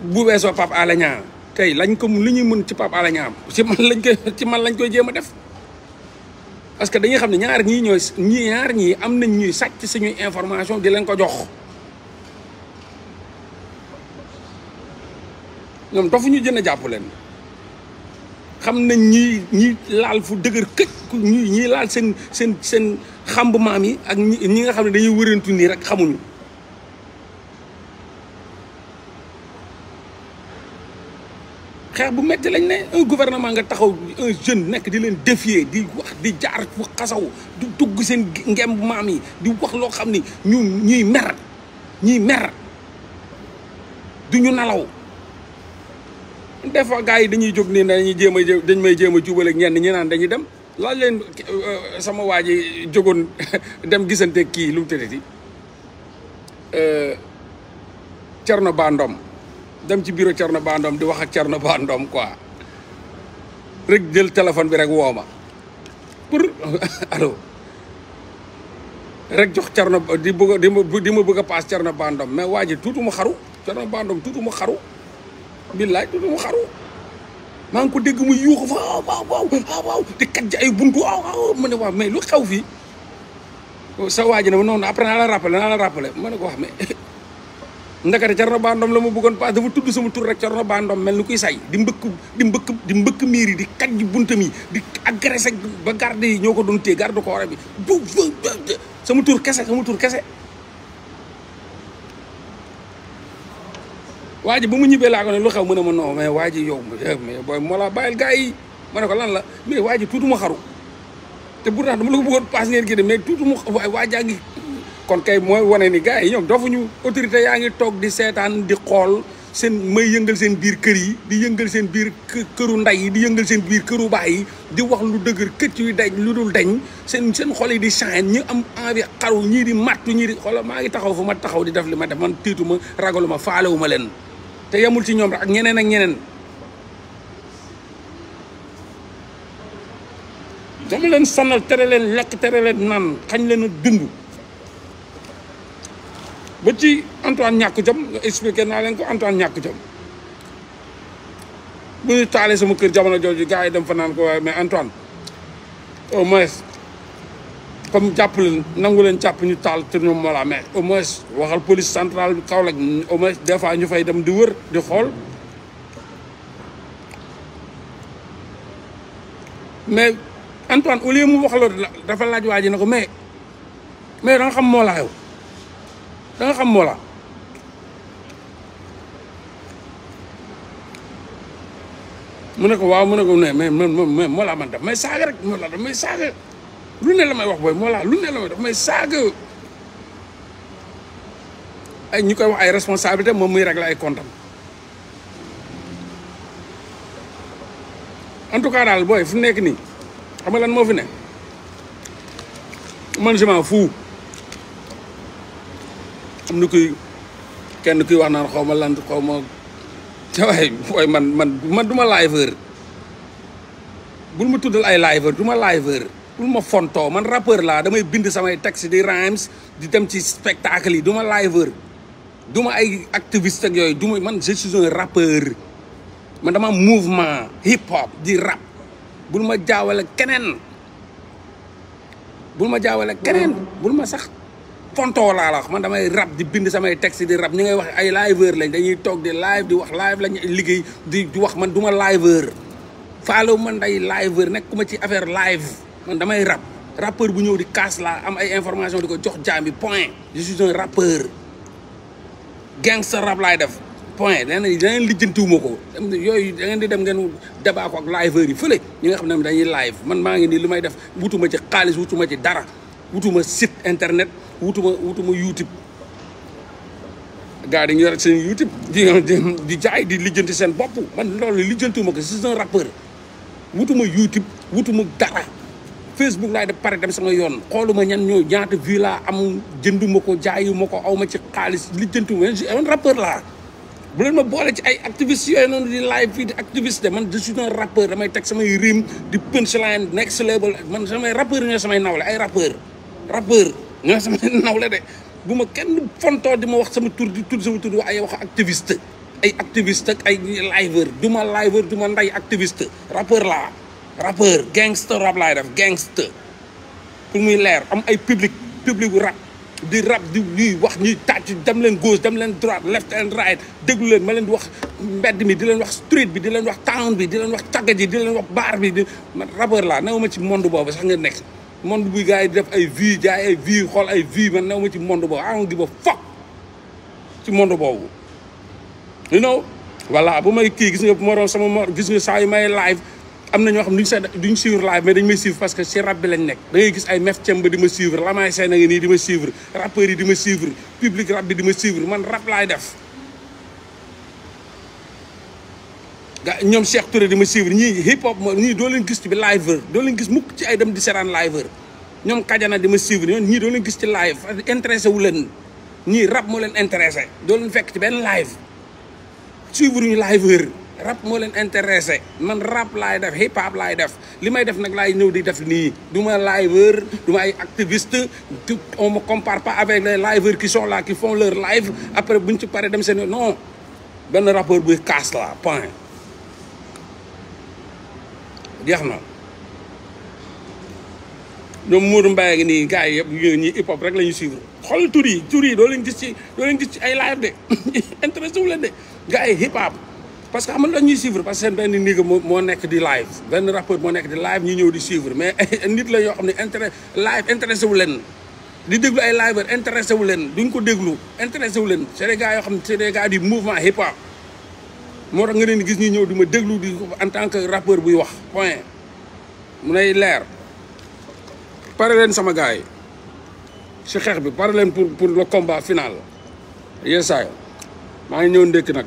bu weesoo Pape Alé Niang tey lañ ko li ñuy mën ci Pape Alé Niang ci lañ koy ci man lañ koy jéem a def parce que dañuy xam ne ñaar ñii ñooy ñii ñaar ñii am nañ ñuy sàcc suñuy information di leen ko jox ñoom dofuñu jën a jàpp leen xam nañ ñi ñi laal fu dëgër këj ñi ñi laal seen seen seen xamb maam yi ak ñi nga xam ne dañuy wërantu nii rek xamuñu xeex bu metti lañ ne un gouvernement nga taxaw un jeune nekk di leen défier di wax di jaar fu xasaw di dugg seen ngem maam yi di wax loo xam ni ñu ñuy mer ñuy mer duñu nalaw des yi dañuy jóg nii dañuy jéem a dañ may jéem a jubaleeg ñenn ñi naan dañuy dem laaj leen euh, sama waa ji jógoon <laughs> dem gisante kii lu mu tëddati euh, Thierno bàndoom dem ci bureau Thierno bàndoom di wax ak Thierno Bandom quoi rek jël téléphone bi rek woo ma pour <laughs> allo rek jox Thierno di bëgg di ma bëgg a paas Thierno Bandom mais waa ji tuuti mu xaru Thierno Bandom tuuti mu xaru. billaay du mu xaru maa ngi ko dégg mu yuuxu fa waaw waaw waaw di kat ay bunt waaw ma ne waaw mais lu xew fii sa waa ji ne ma noonu après naa la rappelé naa la rappelé ma ne ko wax mais <laughs> ndakate Thierno Ba Ndom la ma bëggoon paas dafa tudd sama tur rek Thierno Ba Ndom mel ni kuy say di mbëkk di di mbëkk miir yi di kaj buntam yi di agressé ba garde yi ñoo ko doon téye garde corps bi du sama tur kese sama tur kese waa ji ba mu ñibbee laa ko ne lu xew mu ne ma non mais waa ji yow eh, mais booy moo laa bàyyil gars yi ma ne ko lan la mais waa ji tuuti mu xaru te pourtant dama la ko bëggoon paas ngeen kii de mais tuuti mu waay waa jaa kon kay mooy wane ni gars yi ñoom dofuñu autorité ngi toog di seetaan di xool seen may yëngal seen biir kër yi di yëngal seen biir këru nday yi di yëngal seen biir këru baay yi di wax lu dëgër kët yuy daj lu dul dañ seen seen xol yi di changer ñu am envie xaru ñii di mattu ñii di xoola maa ngi taxaw fu ma taxaw di def li ma def man tiitu ma ragalu ma faalewu ma leen te yemul ci ñoom ak ñeneen ak ñeneen dama leen sanal tere leen lekk tere leen naan xañ leen a dund ba ci Antoine ñàkk jom nga expliqué naa leen ko Antoine ñàkk jom bu ñu taalee sama kër jamono jooju gars yi dem fa naan ko waaye mais Antoine au moins comme jàpp leen nangu leen jàpp ñu taal te moo la mais au moins waxal police centrale bi Kaolack au moins des fois ñu fay dem di wër di xool mais Antoine au lieu mu wax loolu dafa laaj waa ji ne ko mais mais da xam moo laa yow da mu ne ko waaw mu mais saaga rek moo laa daf may saaga lu ne la may wax booy moo laa lu ne may daf may ay ñu koy wax ay responsabilité moom muy régler ay comptam en tout cas daal booy fu nekk nii xam moo fi ne man je m'en fous am na kuy kenn kuy wax naan xaw ma lan xaw <laughs> man man man du ma liveur bul mu tuddal ay liveur du ma liveur bu ma fontoo man rappeur laa damay bind samay texte di rhymes di dem ci spectacle yi du ma liveur du ma ay activiste ak yooyu du ma man je suis un man dama mouvement hip hop di rap bul ma jaawale keneen bu ma jaawale keneen bul ma sax fontoo laa la wax man damay rap di bind samay texte di rap ñi ngay wax ay liveur lañ dañuy toog di live di wax live lañ liggéey di wax man duma ma liveur faalo man day liveur nekk ku ma ci affaire live man damay rab rappeur bu ñëw di kaas laa am ay information di ko jox jaam bi point je suis un rappeur gangster rap laay def point leneen lijjanti wuma ko yooyu da di dem ngeen débat ko ak liveur yi fële ñi nga xam ne dañuy live man maa ngi nii lu may def wutuma ci xaalis wutuma ci dara wutuma sit internet wutuma wutuma youtube gars dañu yore seen youtube <laughs> di jaay di lijjanti seen bopp man loolu lijjantiwuma ko c'est un rappeur wutuma youtube wutuma dara Facebook laa def pare dem sama yoon xooluma ñan ñoo ñaata vue laa am jënduma ko jaayuma ko awma ci xaalis lijjantuma man rappeur laa bu leen ma boole ci ay activiste yooyu noonu di live fii di activiste man je suis un rappeur damay teg samay rime di punchline next level man samay rappeur ñooy samay nawle ay rappeur rappeur ñooy samay <laughs> nawle de bu ma kenn fontoo di ma wax sama tur di tur sama tur wax ay wax activiste ay activiste ak ay liveur du ma liveur du ma nday activiste rappeur laa rappeur gangster rab laay def gangster pour muy leer am ay public public rap di rap di ñuy wax ñuy tàcc dem leen gauche dem leen droite left and right déglu leen ma leen di wax mbedd mi di leen wax street bi di leen wax town bi di leen wax cagga ji di leen wax baar bi di man rappeur laa new ma ci mond boobu sax nga nekk monde bu gars yi di def ay vie jaay ay vie xool ay vie man new ma ci monde boobu ah gi ba foog ci monde boobu you know voilà bu may kii gis nga bu ma doon sama gis nga saa yu am na ñoo xam duñ sa duñ suivre live mais dañ may suivre parce que ci rap bi lañ nekk da gis ay mef cem di ma suivre lamaay seen a ngi nii di ma suivre rappeurs yi di ma bi di ma suivre man rap laay def ga ñoom Cheikh Touré di ma suivre ñii hip hop moo ñii doo leen gis ci bi doo leen gis mukk ci ay dem di seraan liveur ñoom kajana di ma suivre ñoom ñii doo gis ci live intéressé wu leen ñii rap moo leen intéressé doo leen fekk ci benn live suivre ñu liveur rap moo leen intéressé man rap laay def hip hop laay def li may def nag laay ñëw di def nii du ma liveur du ma ay activiste on me compare pas avec les liveurs qui sont là qui font leur live après buñ ci paree dem seen non benn rappeur buy kaas la point jeex na ñoom Mourou Mbaye ngi nii gars yi yëpp ñi hip hop rek la ñu suivre xool tur yi tur yi doo leen gis ci doo gis ci ay live de <laughs> intéressé wu leen de gars hip hop parce que xam nga ñuy suivre parce que seen benn nigga moo moo nekk di live benn rappeur moo nekk di live ñu ñëw di suivre mais <laughs> nit la yoo xam ne intérêt live intéressé wu leen di déglu ay liveur intéressé wu leen duñ ko déglu intéressé wu leen c'est des gars yoo xam ne c'est des gars du mouvement hip hop moo tax nga leen gis ñu ñëw di ma déglu di en tant que rappeur buy wax point mu nay leer pare leen sama gars yi si xeex bi pare leen pour pour le combat final yeesaayo maa ngi ñëw ndékk nag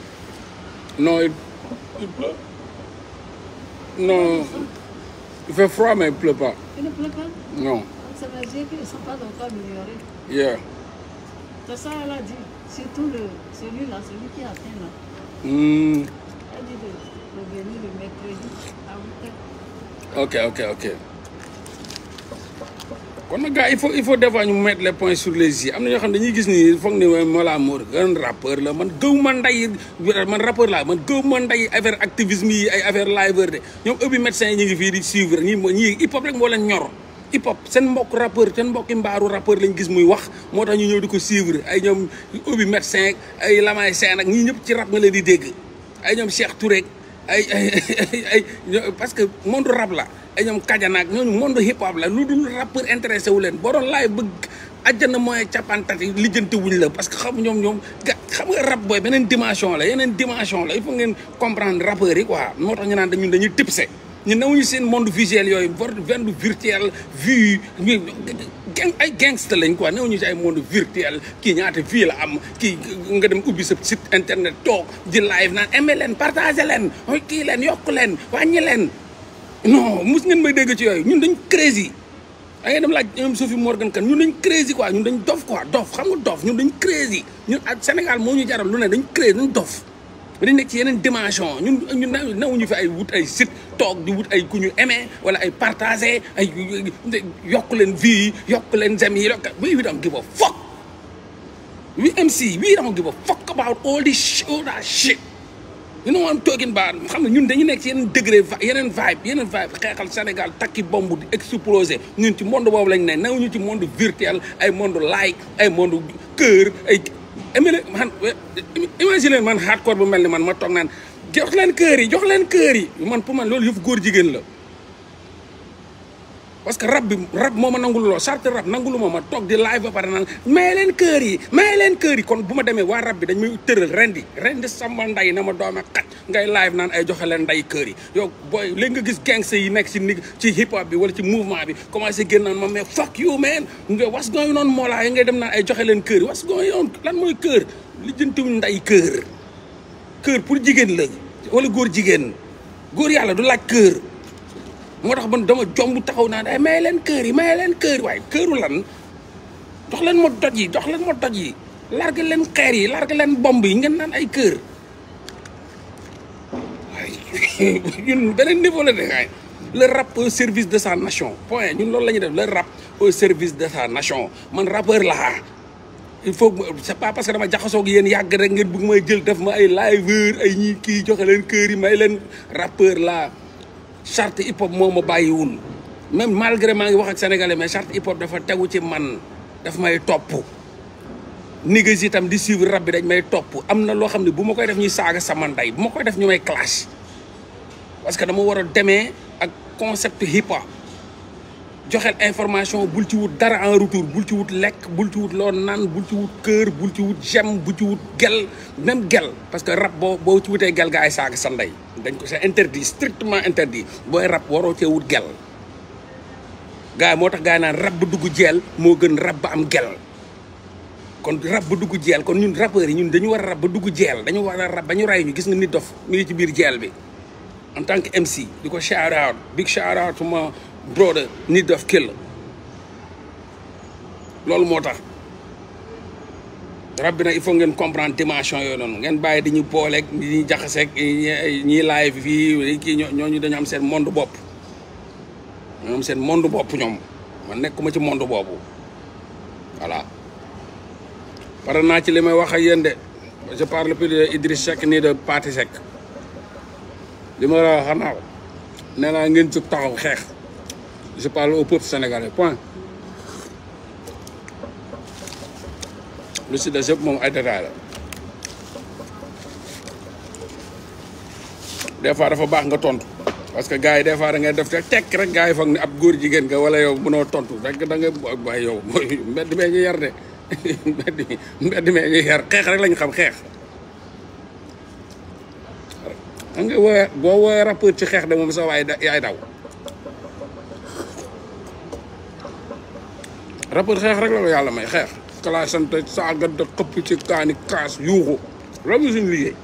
Non, il, il pleut Non, il fait froid, mais il ne pleut Non. Ça veut dire qu'ils ne pas encore améliorés. Yeah. C'est ça, elle dit. Surtout le, celui-là, celui qui atteint là. Mm. Ok, ok, ok. kon nag gars il faut il faut des ñu mettre les points sur les i am na ñoo xam ne dañuy gis ni foog ni Mollah Morgun rappeur la man gëw ma nday man rappeur laa man gëw ma nday affaire activisme yi ay affaire liveur de ñoom ëbbi médecins yi ñu ngi fii di suivre ñi ñii hip hop rek moo leen ñor hip hop seen mbokk rappeur seen mbokki mbaaru rappeur lañ gis muy wax moo tax ñu ñëw di ko suivre ay ñoom ëbbi médecin ay Lamay Sène ak ñii ñëpp ci rap nga leen di dégg ay ñoom Cheikh Touré ay ay parce que monde rap la ay ñoom kajanaak ñooñu monde hip hop la lu dul rappeur intéressé wu leen boo doon laay bëgg àjjana mooy capantati lijjanti wuñ la parce que xam ñoom ñoom ga xam nga rap booy beneen dimension la yeneen dimension la il faut ngeen comprendre rappeurs yi quoi moo tax ñu naan dañu dañuy se ñu newuñu seen monde visuel yooyu vor vindu virtuel vue gang ay gangster lañ quoi néew ñu ci ay monde virtuel kii ñaata vie la am kii nga dem ubbi sa site internet toog di live naan aimé leen partagé leen kii leen yokk leen wàññi leen non mus ngeen ma dégg ci yooyu ñun dañ crazy da ngay dem laaj ñoom Sophie Morgan kan ñun dañ crazy quoi ñun dañ dof quoi dof xam nga dof ñun dañ crazy ñun ak Sénégal moo ñu jaral lu ne dañ crazy dañ dof ba dañ nekk ci yeneen dimension ñun ñun nawuñu fi ay wut ay site toog di wut ay ku ñu aimé wala ay partagé ay yokk leen vie yokk leen j'aime yi yokk we we don't give a fuck we MC we don't give a fuck about all this shit all that shit you know what xam ne ñun dañu nekk ci yeneen degré yeneen vibe yeneen vibe xeexal Sénégal takki bomb di explosé ñun ci monde boobu lañ ne nawuñu ci monde virtuel ay monde like ay monde cœur ay émile man imagine man hardcore bu mel ni man ma toog naan jox leen kër yi jox leen kër yi man pour man loolu yëfu góor jigéen la parce que rab bi rab moo ma nangul loo charte rab nangulu moo ma toog di live ba pare naan may leen kër yi may leen kër yi kon bu ma demee waa rab bi dañ may tëral rendi rendi samba nday na ma doome xaj ngay live naan ay joxe leen nday kër yi yow booy léegi nga gis gangster yi nekk ci ni ci bi wala ci mouvement bi commencé génn naan ma mais fuck you man nga was gooyu noonu moolaa ngay dem naan ay joxe leen kër yi was gooyu noonu lan mooy kër li jëntiwuñ nday kër kër pour jigéen la wala góor jigéen góor yàlla du laaj kër moo tax man dama jomb taxaw naa ne may leen kër yi may leen kër yi waaye këru lan jox leen ma doj yi jox leen ma doj yi larga leen xeer yi larga leen bomb yi ngeen naan ay kër waaye ñun beneen niveau la dangay le rap au service de sa nation point ñun loolu la ñuy def la rap au service de sa nation man rappeur laa il faut c'est pas parce que dama jaxasoog yéen yàgg rek ngeen bëgg may jël def ma ay liveur ay ñi kii joxe leen kër yi may leen rappeur laa charte hip hop moo ma bàyyiwul même malgré maa ngi wax ak sénégalais mais charte hip hop dafa tegu ci man daf may topp. niggas itam di suivre rab bi dañ may topp am na loo xam ne bu ma koy def ñu saaga sama ndey bu ma koy def ñu may clash parce que dama war a demee ak concept hip hop. joxel information bul ci wut dara en retour bul ci wut lekk bul ci wut loo naan bul ci wut kër bul ci wut gem bul ci wut gel même gel parce que rab boo boo ci wutee gel nga ay saaga sa ndey dañ ko c'est interdit strictement interdit booy rab waroo cee wut gel gars yi moo tax gars yi naan rab ba dugg jeel moo gën rab ba am gel kon rab ba dugg jeel kon ñun rappeurs yi ñun dañu war a rab ba dugg jeel dañu war a rab ba ñu rey ñu gis nga nit dof mi ci biir jeel bi en tant que MC ko shout brother nit daf kill loolu moo tax rab bi il faut ngeen comprendre dimension yooyu noonu ngeen bàyyi di booleek di ñuy jaxaseeg ñiy live fii kii ñooñu dañu am seen monde bopp ñoo seen monde bopp ñoom man nekkuma ci monde boobu voilà pare naa ci li may wax ak yéen de je parle plus de Idriss Seck nii de Pathé Seck li ma la wax xanaa ne ngeen jóg taxaw xeex Je parle au peuple sénégalais point lu si yëpp moom ay détails la des dafa baax nga tontu parce que gars yi des fois da ngay def te tekk rek gars yi foog ne ab góor jigéen nga wala yow mënoo tontu rek da nga waaye yow mooy <laughs> mbedd mee ñu yar de <laughs> mbedd mee ñu yar xeex rek lañu xam xeex. da nga woowee boo woowee rappeur ci xeex de moom sax waaye yaay daw. rappeur xeex rek la ko yàlla may xeex kalaasante saaga da xëpp ci kaani kaas yuuxu loolu suñ liggéey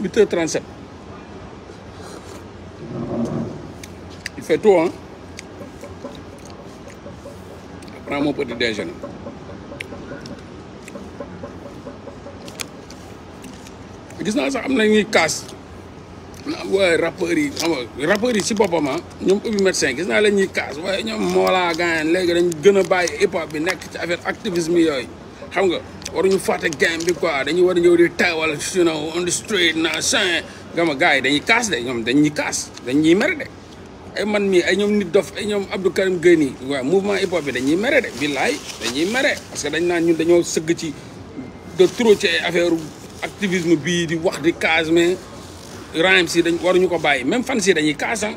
huit heures trente sept il fait tout hein après mon petit déjeuner gis naa sax am na ñuy kaas waaye rappeurs yi xam nga rappeurs yi si boppam ah ñoom ubbi médecin gis naa leen ñuy kaas waaye ñoom Mawla Gaañ léegi dañ gën a bàyyi bi nekk ci affaire activisme yooyu xam nga waruñu fàtte game bi quoi dañuy war a ñëw di teewal you know on the street na saint gama gars dañuy kaas de dañ ñuy kaas dañ ñuy mere de ay man mii ay ñoom nit dof ay ñoom Abdou Karim Gueye nii waaw mouvement hip bi dañuy mere de billaay dañuy mere parce que dañ naa ñun dañoo sëgg ci de trop ci ay affaire bii di wax di ca Ibrahima si dañ waruñu ko bàyyi même fan si dañuy kaasa ah.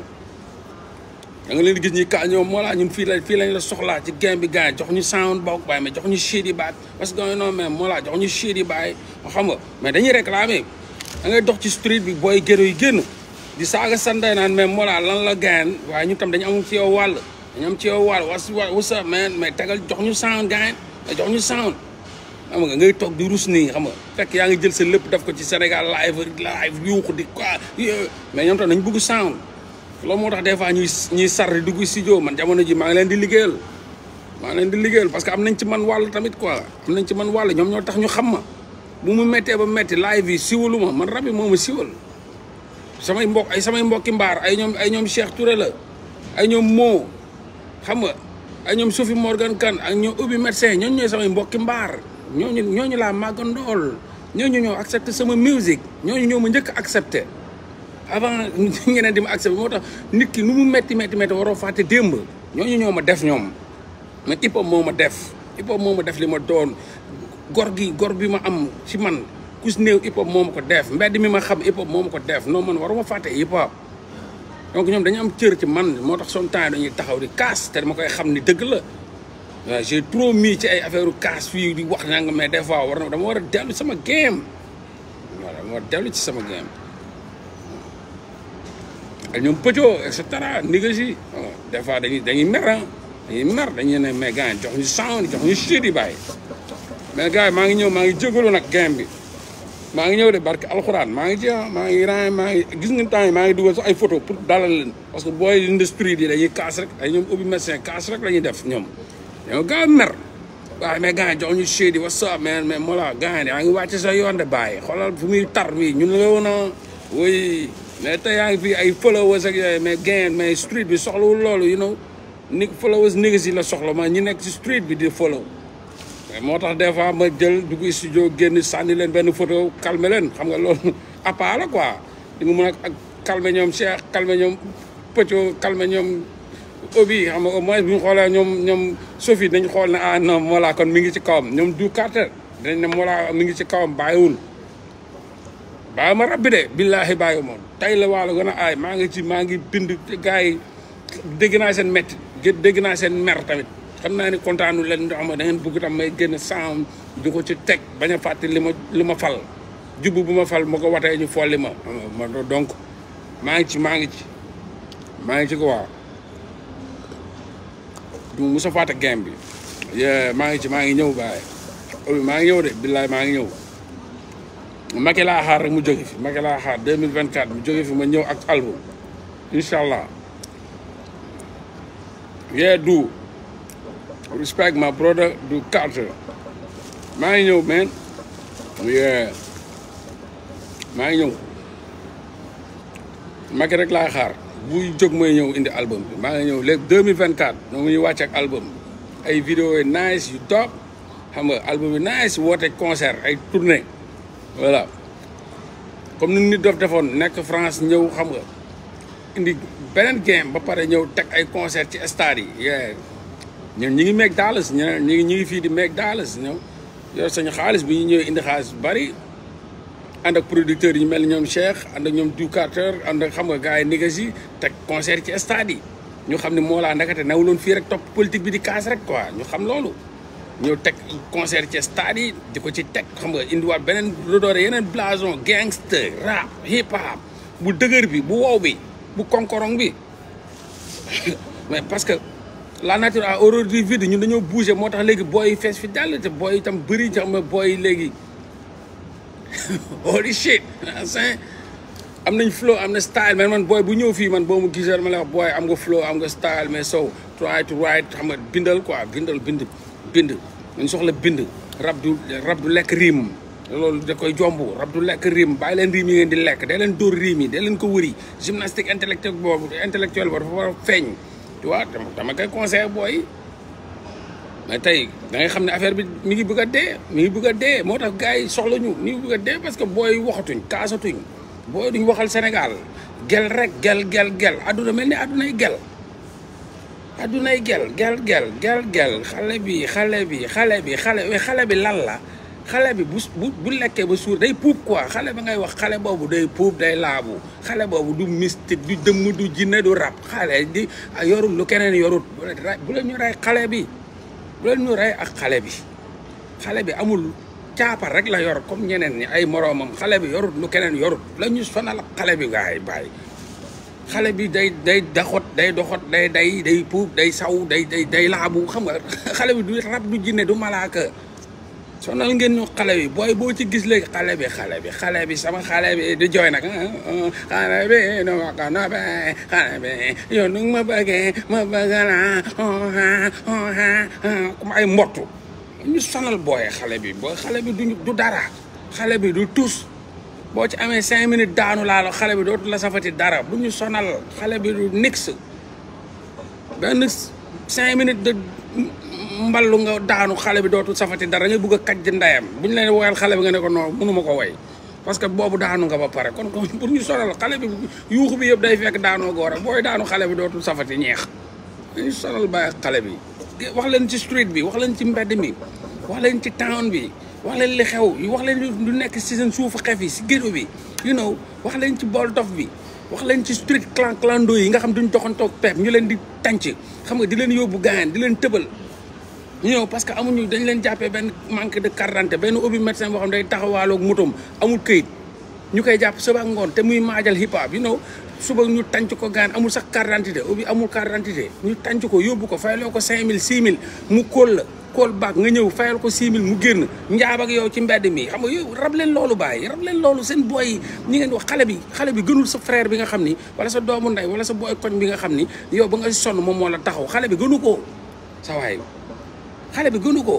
da nga leen di gis ñuy kaas ñoom voilà ñun fii la fii lañ la soxlaa ci game bi gars jox ñu sound boog baay mais jox ñu shit yi baat parce que non mais voilà jox ñu shit yi baay xam mais dañu réclamer da ngay dox ci street bi booy géro yi génn di saaga sanday naan mais laa lan la gayan waaye ñu tam dañu am ci yow wàll dañu am ci yow wàll was wasa mais mais tegal jox ñu sound gayan jox ñu sound am nga ngay toog di rus nii xam nga fekk yaa ngi jël sa lépp def ko ci Sénégal live live yuuxu di quoi euh. mais ñoom tam nañ bëgg sound loolu moo tax des fois ñuy ñuy sarri dugg studio man jamono ji maa ngi leen di liggéeyal maa ngi leen di liggéeyal parce que am nañ ci man wàll tamit quoi am nañ ci man wàll ñoom ñoo tax ñu xam ma bu mu méttee ba métti live yi siwalu ma man rab moom moo ma siwal samay mbokk ay samay mbokki mbaar ay ñoom ay ñoom Cheikh Touré la ay ñoom moo xam nga ay ñoom Sophie Morgan Kane ak ñoom ubbi médecin ñoom ñooy samay mbokki mbaar ñooñu ñooñu laa màggandool ñooñu ñoo accepté sama musique ñooñu ñoo ma njëkk accepté avant ñeneen di ma accepté moo tax nit ki nu mu metti metti metti waroo fàtte démb ñooñu ñoo ma def ñoom man hip hop ma def hip hop ma def li ma doon gor gi gor bi ma am ci man kus néew hip hop moo ma ko def mbedd mi ma xam hip hop moo ma ko def non man waruma fàtte hip hop donc ñoom dañu am cër ci man moo tax son temps dañuy taxaw di kaas te dama koy xam ni dëgg la waaw j'ai trop mis ci ay affaire kaas fii di wax nangam mais des fois war na dama war a dellu sama game waaw dama war a dellu ci sama game ak ñoom pëccoo et cetera ndigal si des fois dañuy dañuy mer ah. dañuy mer dañuy ne mais gars jox ñu sang jox ñu chute yi bàyyi mais gars yi maa ngi ñëw maa ngi jégalu nag game bi maa ngi ñëw de barke alxuraan maa ngi ci ah, maa ngi raa maa ngi gis nga temps yi maa ngi dugal sax ay photo pour dalal leen parce que booy industrie yi dañuy kaas rek ay ñoom ubbi médecin kaas rek la ñuy def ñoom yow gars mer waaye mais gars yi jox ñu séedi what's up man mais Mollah gars yi yaa ngi wàcc sa yoon de bàyyi xoolal fu muy tar bi ñun la woon woy ah. mais tey yaa ngi fi ay followers ak yooyu mais gain street bi soxlawul loolu you know ni followers niggas yi la soxla ma ñi nekk ci street bi di follow moo tax des fois ma jël dugg studio génn sànni leen benn photo calmer leen xam nga loolu appaa <laughs> la quoi di nga mën a ak calmer ñoom Cheikh calmer ñoom Pëcco calmer ñoom obi xam nga au moins bu ñu xoolee ñoom ñoom Sophie dañ xool ne ah kon mi ngi ci kawam ñoom du Carter dañ ne Mollah mi ngi ci kawam bàyyiwul bàyyi ma rabbi de billaahi bàyyi moom tey la waalo gën a aay maa ngi ci maa ngi bind gars yi dégg naa seen métti dégg naa seen mer tamit xam naa ni kontaanu leen ñu xam da bëgg tam may génn saam di ko ci teg bañ a fàtte li ma li ma fal jubbu bu ma fal ma ko watee ñu folli ma ma donc maa ngi ci maa ngi ci maa ngi ci ko waaw du Moussa Fata game bi maa ngi ci maa ngi ñëw gaay maa ngi ñëw de billaay maa ngi mu Macky laa xaar mu jóge fi Macky laa xaar 2024 mu jóge fi ma ñëw ak album incha allah yee du respect ma brother du Carter maa ngi ñëw man yee maa ngi ñëw Macky rek laa xaar bu jóg mooy ñëw indi album bi maa ngi ñëw léegi 2024 ñoo ngi wàcc ak album ay vidéo yu nice yu top xam nga album yu nice woote concert ay tournée voilà comme ni nit defoon nekk France ñëw xam nga indi beneen game ba pare ñëw teg ay concert ci stade yi ñun ñi ngi meeg daalas ñu ngi ñu ngi fii di meeg daalas ñëw yor sañu xaalis bi ñu ñëwee indi xaalis bu bari ànd ak producteurs yi mel ñoom Cheikh ànd ak ñoom du Carter ànd ak xam nga gars yi négas yi teg concert ci stade yi ñu xam ne moo laa ndakate nawuloon fii rek topp politique bi di kaas rek quoi ñu xam loolu ñëw teg concert ci stade di ko ci teg xam nga indiwaat beneen lu doore yeneen blason gangster rap hip hop bu dëgër bi bu wow bi bu konkorong bi <laughs> mais parce que la nature a horreur du vide ñun dañoo bouger moo tax léegi booy fees fi dal te booy itam bëri xam nga booy léegi <laughs> holy am nañ flow am na style mais man booy bu ñëw fii man boo mu gisee ma la wax booy am nga flow am nga style mais so try to write xam nga bindal quoi bindal bind bind dañ soxla bind rab du rab du lekk riim loolu da koy jomb rab du lekk riim bàyyi leen riim yi ngeen di lekk day leen dóor riim yi day leen ko wëri gymnastique intellectuelle boobu intellectuelle boobu dafa war a feeñ tu vois dama koy conseillé booy mais tey da ngay xam ne affaire bi mi ngi bëgg a dee mi bëgg a moo tax gars yi soxla ñu mi ngi bëgg dee parce que booy waxatuñ kaasatuñ booy duñ waxal Sénégal gel rek gel gel gel adduna mel ni addunay gel gel gel gel gel gel xale bi xale bi xale bi xale xale bi lan la xale bi bu lekkee ba suur day puub quoi xale ba ngay wax xale boobu day puub day laabu xale boobu du mystique du dëmm du jinne du rab xale di yorul lu keneen yorut bu la ñu xale bi bu leen ñu rey ak xale bi xale bi amul caapar rek la yor comme ñeneen ñi ay moroomam xale bi yorut lu keneen yorut la ñu sonal ak xale bi gaay bàyyi xale bi day day daxot day doxot day day day puub day saw day day day laabu xam nga xale bi du rab du jinne du malaaka sonal ngeen ñu xale bi booy boo ci gis léegi xale bi xale bi xale bi sama xale bi di jooy nag ah, ah, xale bi nu ma bëggee ma bëgg la oh, oh, ah, comme ay mbottu ñu sonal booy xale bi booy xale bi du dara xale bi du tus boo ci amee cinq minutes daanu laalo xale bi dootu la safati dara bu ñu sonal xale bi du nix benn cinq minutes de mballu nga daanu xale bi dootul safati dara ngay bugg a kaj ndayam bu ñu leen woyal xale bi nga ne ko non mënuma ko woy parce que boobu daanu nga ba pare kon kon pour ñu solal xale bi yuuxu bi yëpp day fekk daanoo goor booy daanu xale bi dootul safati ñeex ñu solal bàyyi xale bi wax leen ci street bi wax leen ci mbedd mi wax leen ci town bi wax leen li xew wax leen lu nekk si seen suufu xef yi si géro bi you know wax leen ci bool dof bi wax leen ci street clan clando yi nga xam duñ doxantoog peep ñu leen di tànc xam nga di leen yóbbu gaayan di leen tëbal ñu parce que amuñu dañ leen jàppee benn manque de carte d'identité benn obi médecin boo xam ne day taxawaaloog motom amul këyit ñu koy jàpp suba ngoon te muy maajal hip hop you suba ñu tànc ko gaan amul sax carte d'identité amul carte ñu tànc ko yóbbu ko fayloo ko 5000 6000 mu kóol la kóol baag nga ñëw fayal ko 6000 mu génn njaab yow ci mbedd mi xam nga yow rab leen loolu bàyyi rab leen loolu seen booy ñi ngeen wax xale bi xale bi gënul sa frère bi nga xam ni wala sa doomu ndey wala sa booy bi nga xam ni yow ba nga sonn moom moo la taxaw xale bi gënu ko sa waay xale bi gënu ko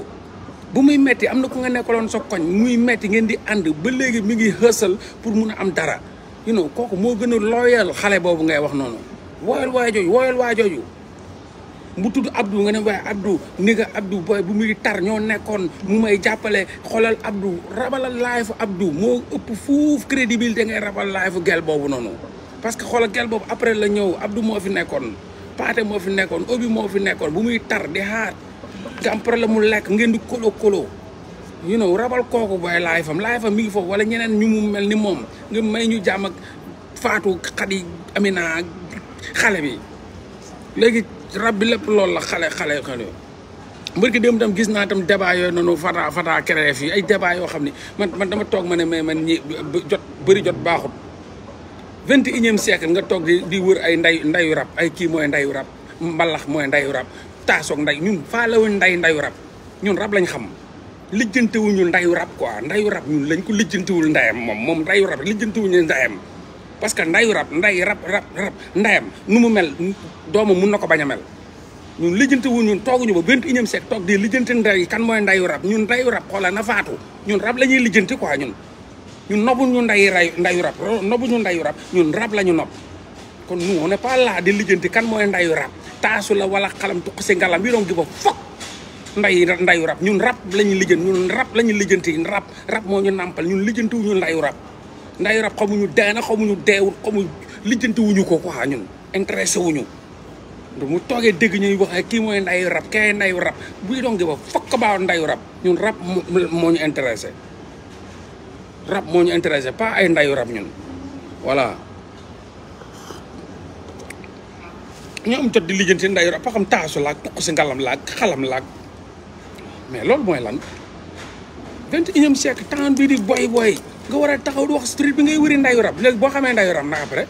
bu muy metti am na ko nga nekkaloon sa koñ muy metti ngeen di ànd ba léegi mi ngi xësal pour mun a am dara you kooku moo gën a xale boobu ngay wax noonu wooyal waa jooju wooyal waa jooju mu tudd Abdou nga ne waaye Abdou ni nga Abdou booy bu muy tar ñoo nekkoon mu may jàppale xoolal Abdou rabalal laay fu Abdou moo ëpp fuuf crédibilité ngay rabal laay fu gel boobu noonu parce que xoolal gel boobu après la ñëw Abdou moo fi nekkoon Paate moo fi nekkoon Obi moo fi nekkoon bu muy tar di xaar nga am problème mu lekk ngeen di kolo kolo you know rabal kooku booy laay fam laay fam mi ngi foofu wala ñeneen ñu mu mel ni moom nga may ñu jàmm ak faatu xadi amina xale bi léegi rab bi lépp loolu la xale xale xale mbërki démb gis naa tam débat yooyu noonu fata fata crève yi ay débat yoo xam ne man man dama toog ma ne mais man ñi jot bari jot baaxut vingt et unième nga toog di di wër ay nday ndayu rab ay kii mooy ndayu rab mbalax mooy ndayu rab taasoog nday ñun faalewuñ nday ndayu rab ñun rab lañ xam lijjantewuñu ndayu rab quoi ndayu rab ñun lañ ko lijjantewul ndayam moom moom ndayu rab lijjantewuñu ndayam parce que ndayu rab nday rab rab rab ndayam nu mu mel doomu mun na ko bañ a mel ñun lijjante wu ñun tooguñu ba vingt unième siècle toog di lijjante nday kan mooy ndayu rab ñun ndayu rab xoola na faatu ñun rab la ñuy lijjante quoi ñun ñun nobuñu nday ray ndayu rab nobuñu ndayu rab ñun rab la ñu nopp kon nous on n'est pas là di lijjante kan mooy ndayu rab taasu la wala xalam tuqasi ngalam wi doon gi ba foog nday ndayu rab ñun rab lañu lijjan ñun rab lañu lijjanti rab rab moo ñu nàmpal ñun lijjanti wuñu ndayu rab ndayu rab xamuñu dee na xamuñu deewul xamuñu lijjanti wuñu ko quoi ñun intéressé wuñu du mu toogee dégg ñuy wax kii mooy ndayu rab kee ndayu rab buy doon gi ba fokk baaw ndayu rab ñun rab moo ñu intéressé rab moo ñu intéressé pas ay ndayu rab ñun voilà ñoo am jot di lijjanti nday yor xam taasu laag tuq si ngalam laag xalam laag mais loolu mooy lan vingt et unième siècle temps bii di boy boy nga war a taxaw di wax street bi ngay wëri ndayu rab léegi boo xamee ndayu rab na après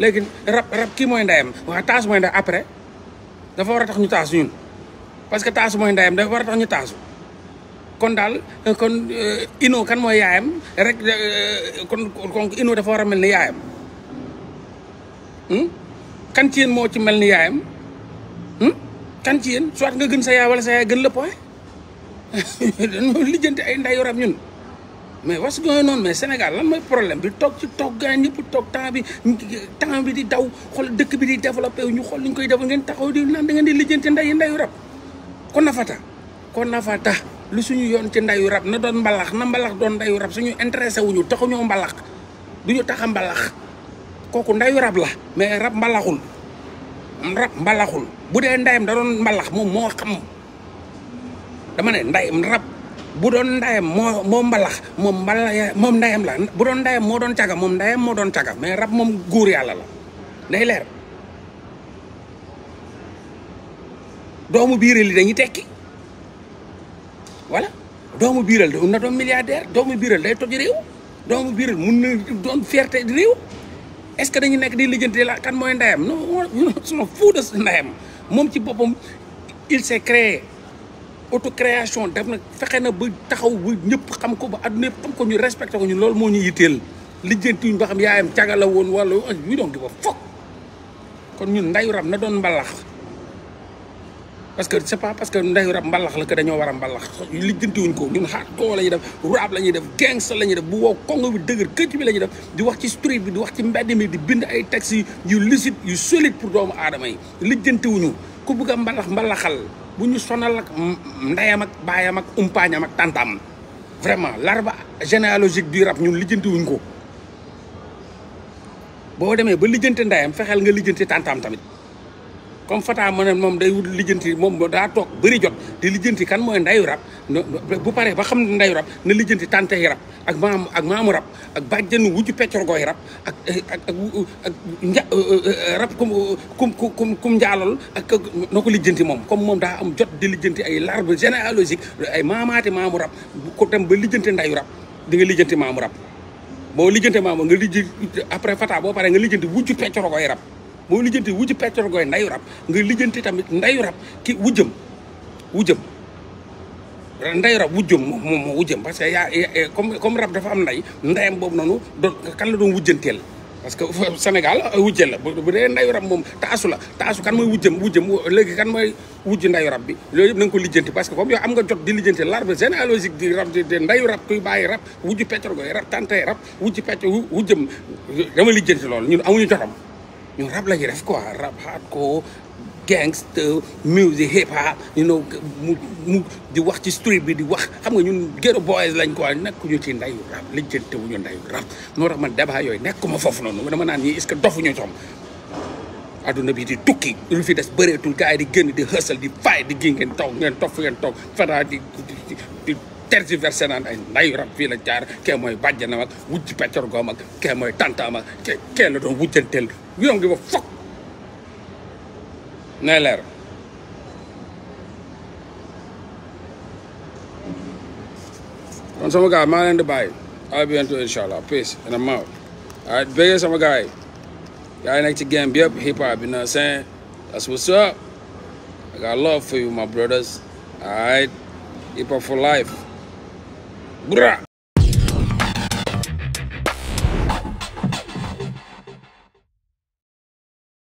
léegi rab rab kii mooy ndayam waa taas mooy nday après dafa war a tax ñu taas ñun parce que taas mooy ndayam dafa war a tax ñu taasu kon daal euh, kon euh, ino kan mooy yaayam rek euh, kon kon ino dafa war a mel ni yaayam hmm? kan moo ci mel ni yaayam hmm? kan soit nga gën sa yaay wala sa yaay gën la point <laughs> dañoo lijjanti ay nday yorab ñun mais was goy noonu mais Sénégal lan mooy problème bi toog ci toog gars ñëpp toog temps bi temps bi di daw xool dëkk bi di développé ñu xool ñu koy defal ngeen taxaw di nan da ngeen di lijjanti nday ndayu rab kon nafata kon nafata lu suñu yoon ci ndayu rab na doon mbalax na mbalax doon ndayu rab suñu intéressé wuñu taxuñoo mbalax duñu taxa mbalax kooku ndayu rab la mais rab mbalaxul rab mbalaxul bu dee ndayam da doon mbalax moom moo xam dama ne ndayam rab bu doon ndayam moo moo mbalax moom mbala moom ndayam la bu doon ndayam moo doon caga moom ndayam moo doon caga mais rab moom góor yàlla la day leer doomu biiral yi dañuy tekki voilà doomu biiral na doon milliardaire doomu biiral day toj réew doomu biiral mun na doon fierté réew est-ce que dañu nekk di lijjanti la kan mooy ndeyam non non sont fous de ndeyam moom ci boppam il s'est créé autocréation def na fexe na ba taxaw ba ñëpp xam ko ba adduna yëpp xam ko ñu respecté ko ñu loolu moo ñu yitteel lijjanti ñu ba xam yaayam cagala woon wala we don't give a fuck kon ñun ndeyu rab na doon mbalax parce que c'est pas parce que ndeyu rab mbalax la dañoo war a mbalax lijjanti wuñ ko ñun hardcore la ñuy def rap la ñuy def gangsta la ñuy def bu wow kongo bi dëgër këcc bi la ñuy def di wax ci street bi di wax ci mbedd mi di bind ay textes yu lucide yu solide pour doomu aadama yi lijjanti wuñu ku bëgg a mbalax mbalaxal bu ñu sonal ak ndeyam ak baayam ak umpaañam ak tantam vraiment l'arbre généalogique du rap ñun lijjanti wuñ ko boo demee ba lijjanti ndeyam fexeel nga lijjanti tantam tamit comme Fata ma ne moom day wut lijjanti moom daa toog bëri jot di lijjanti kan mooy ndayu rab bu paree ba xam ne ndayu rab na lijjanti tante yi rab ak maam ak maamu rab ak bàjjanu wujju peccorgooy rab eh, ak ak ak nja eh, eh, rab kum kum kum kum njaalool ak ko lijjanti moom comme moom daa jot di lijjanti ay larbe généalogique ay maamaati maamu rab ko dem ba lijjanti ndayu rab di nga lijjanti maamu rab boo lijjante maamu nga lijji après Fata boo paree nga lijjanti wujju peccorgooy rab mooy lijjanti wujj peccor gooy ndayu rab nga lijjanti tamit ndayu rab ki wujjëm wujjëm ndayu rab wujjëm moom moom moo wujjëm parce que yaa comme comme rab dafa am nday ndayam boobu noonu doon kan la doon wujjanteel parce que <laughs> Sénégal wujjee la bu dee ndayu rab moom taasu la taasu kan mooy wujjëm wujjëm léegi kan mooy wujj ndayu rab bi loolu yëpp na nga ko lijjanti parce que comme yow am nga jot di lijjanti l'arbre généalogique di rab di ndayu rab kuy bàyyi rab wujj peccor gooy rab tante rab wujj pecc wujjëm dama lijjanti loolu ñun amuñu jotam ñun rap la ñuy def quoi rap ko gangster music hip hop you know mu mu di wax ci street bi di wax xam nga ñun ghetto boys lañ quoi nekkuñu ci ndayu rap lañ jënd tewuñu ndayu rap noo tax man débat yooyu nekkuma foofu noonu dama naan ñii est-ce que dofuñu ñoom. adduna bi di tukki lu fi des bëreetul gars yi di génn di hustle di fay di gi ngeen toog ngeen toog ngeen toog fanaa di di. tergiversé naan ay ndayu rab fii jaar kee mooy bàjjanam ak wujj peccorgoom ak kee mooy tantaam ak kee kee doon wujjanteel yu doon gi ba foog nay leer kon sama gars maa leen di bàyyi à bientôt incha allah peace and I'm out waaye bëggee sama gars I love for you my brothers all right hip for life Bra.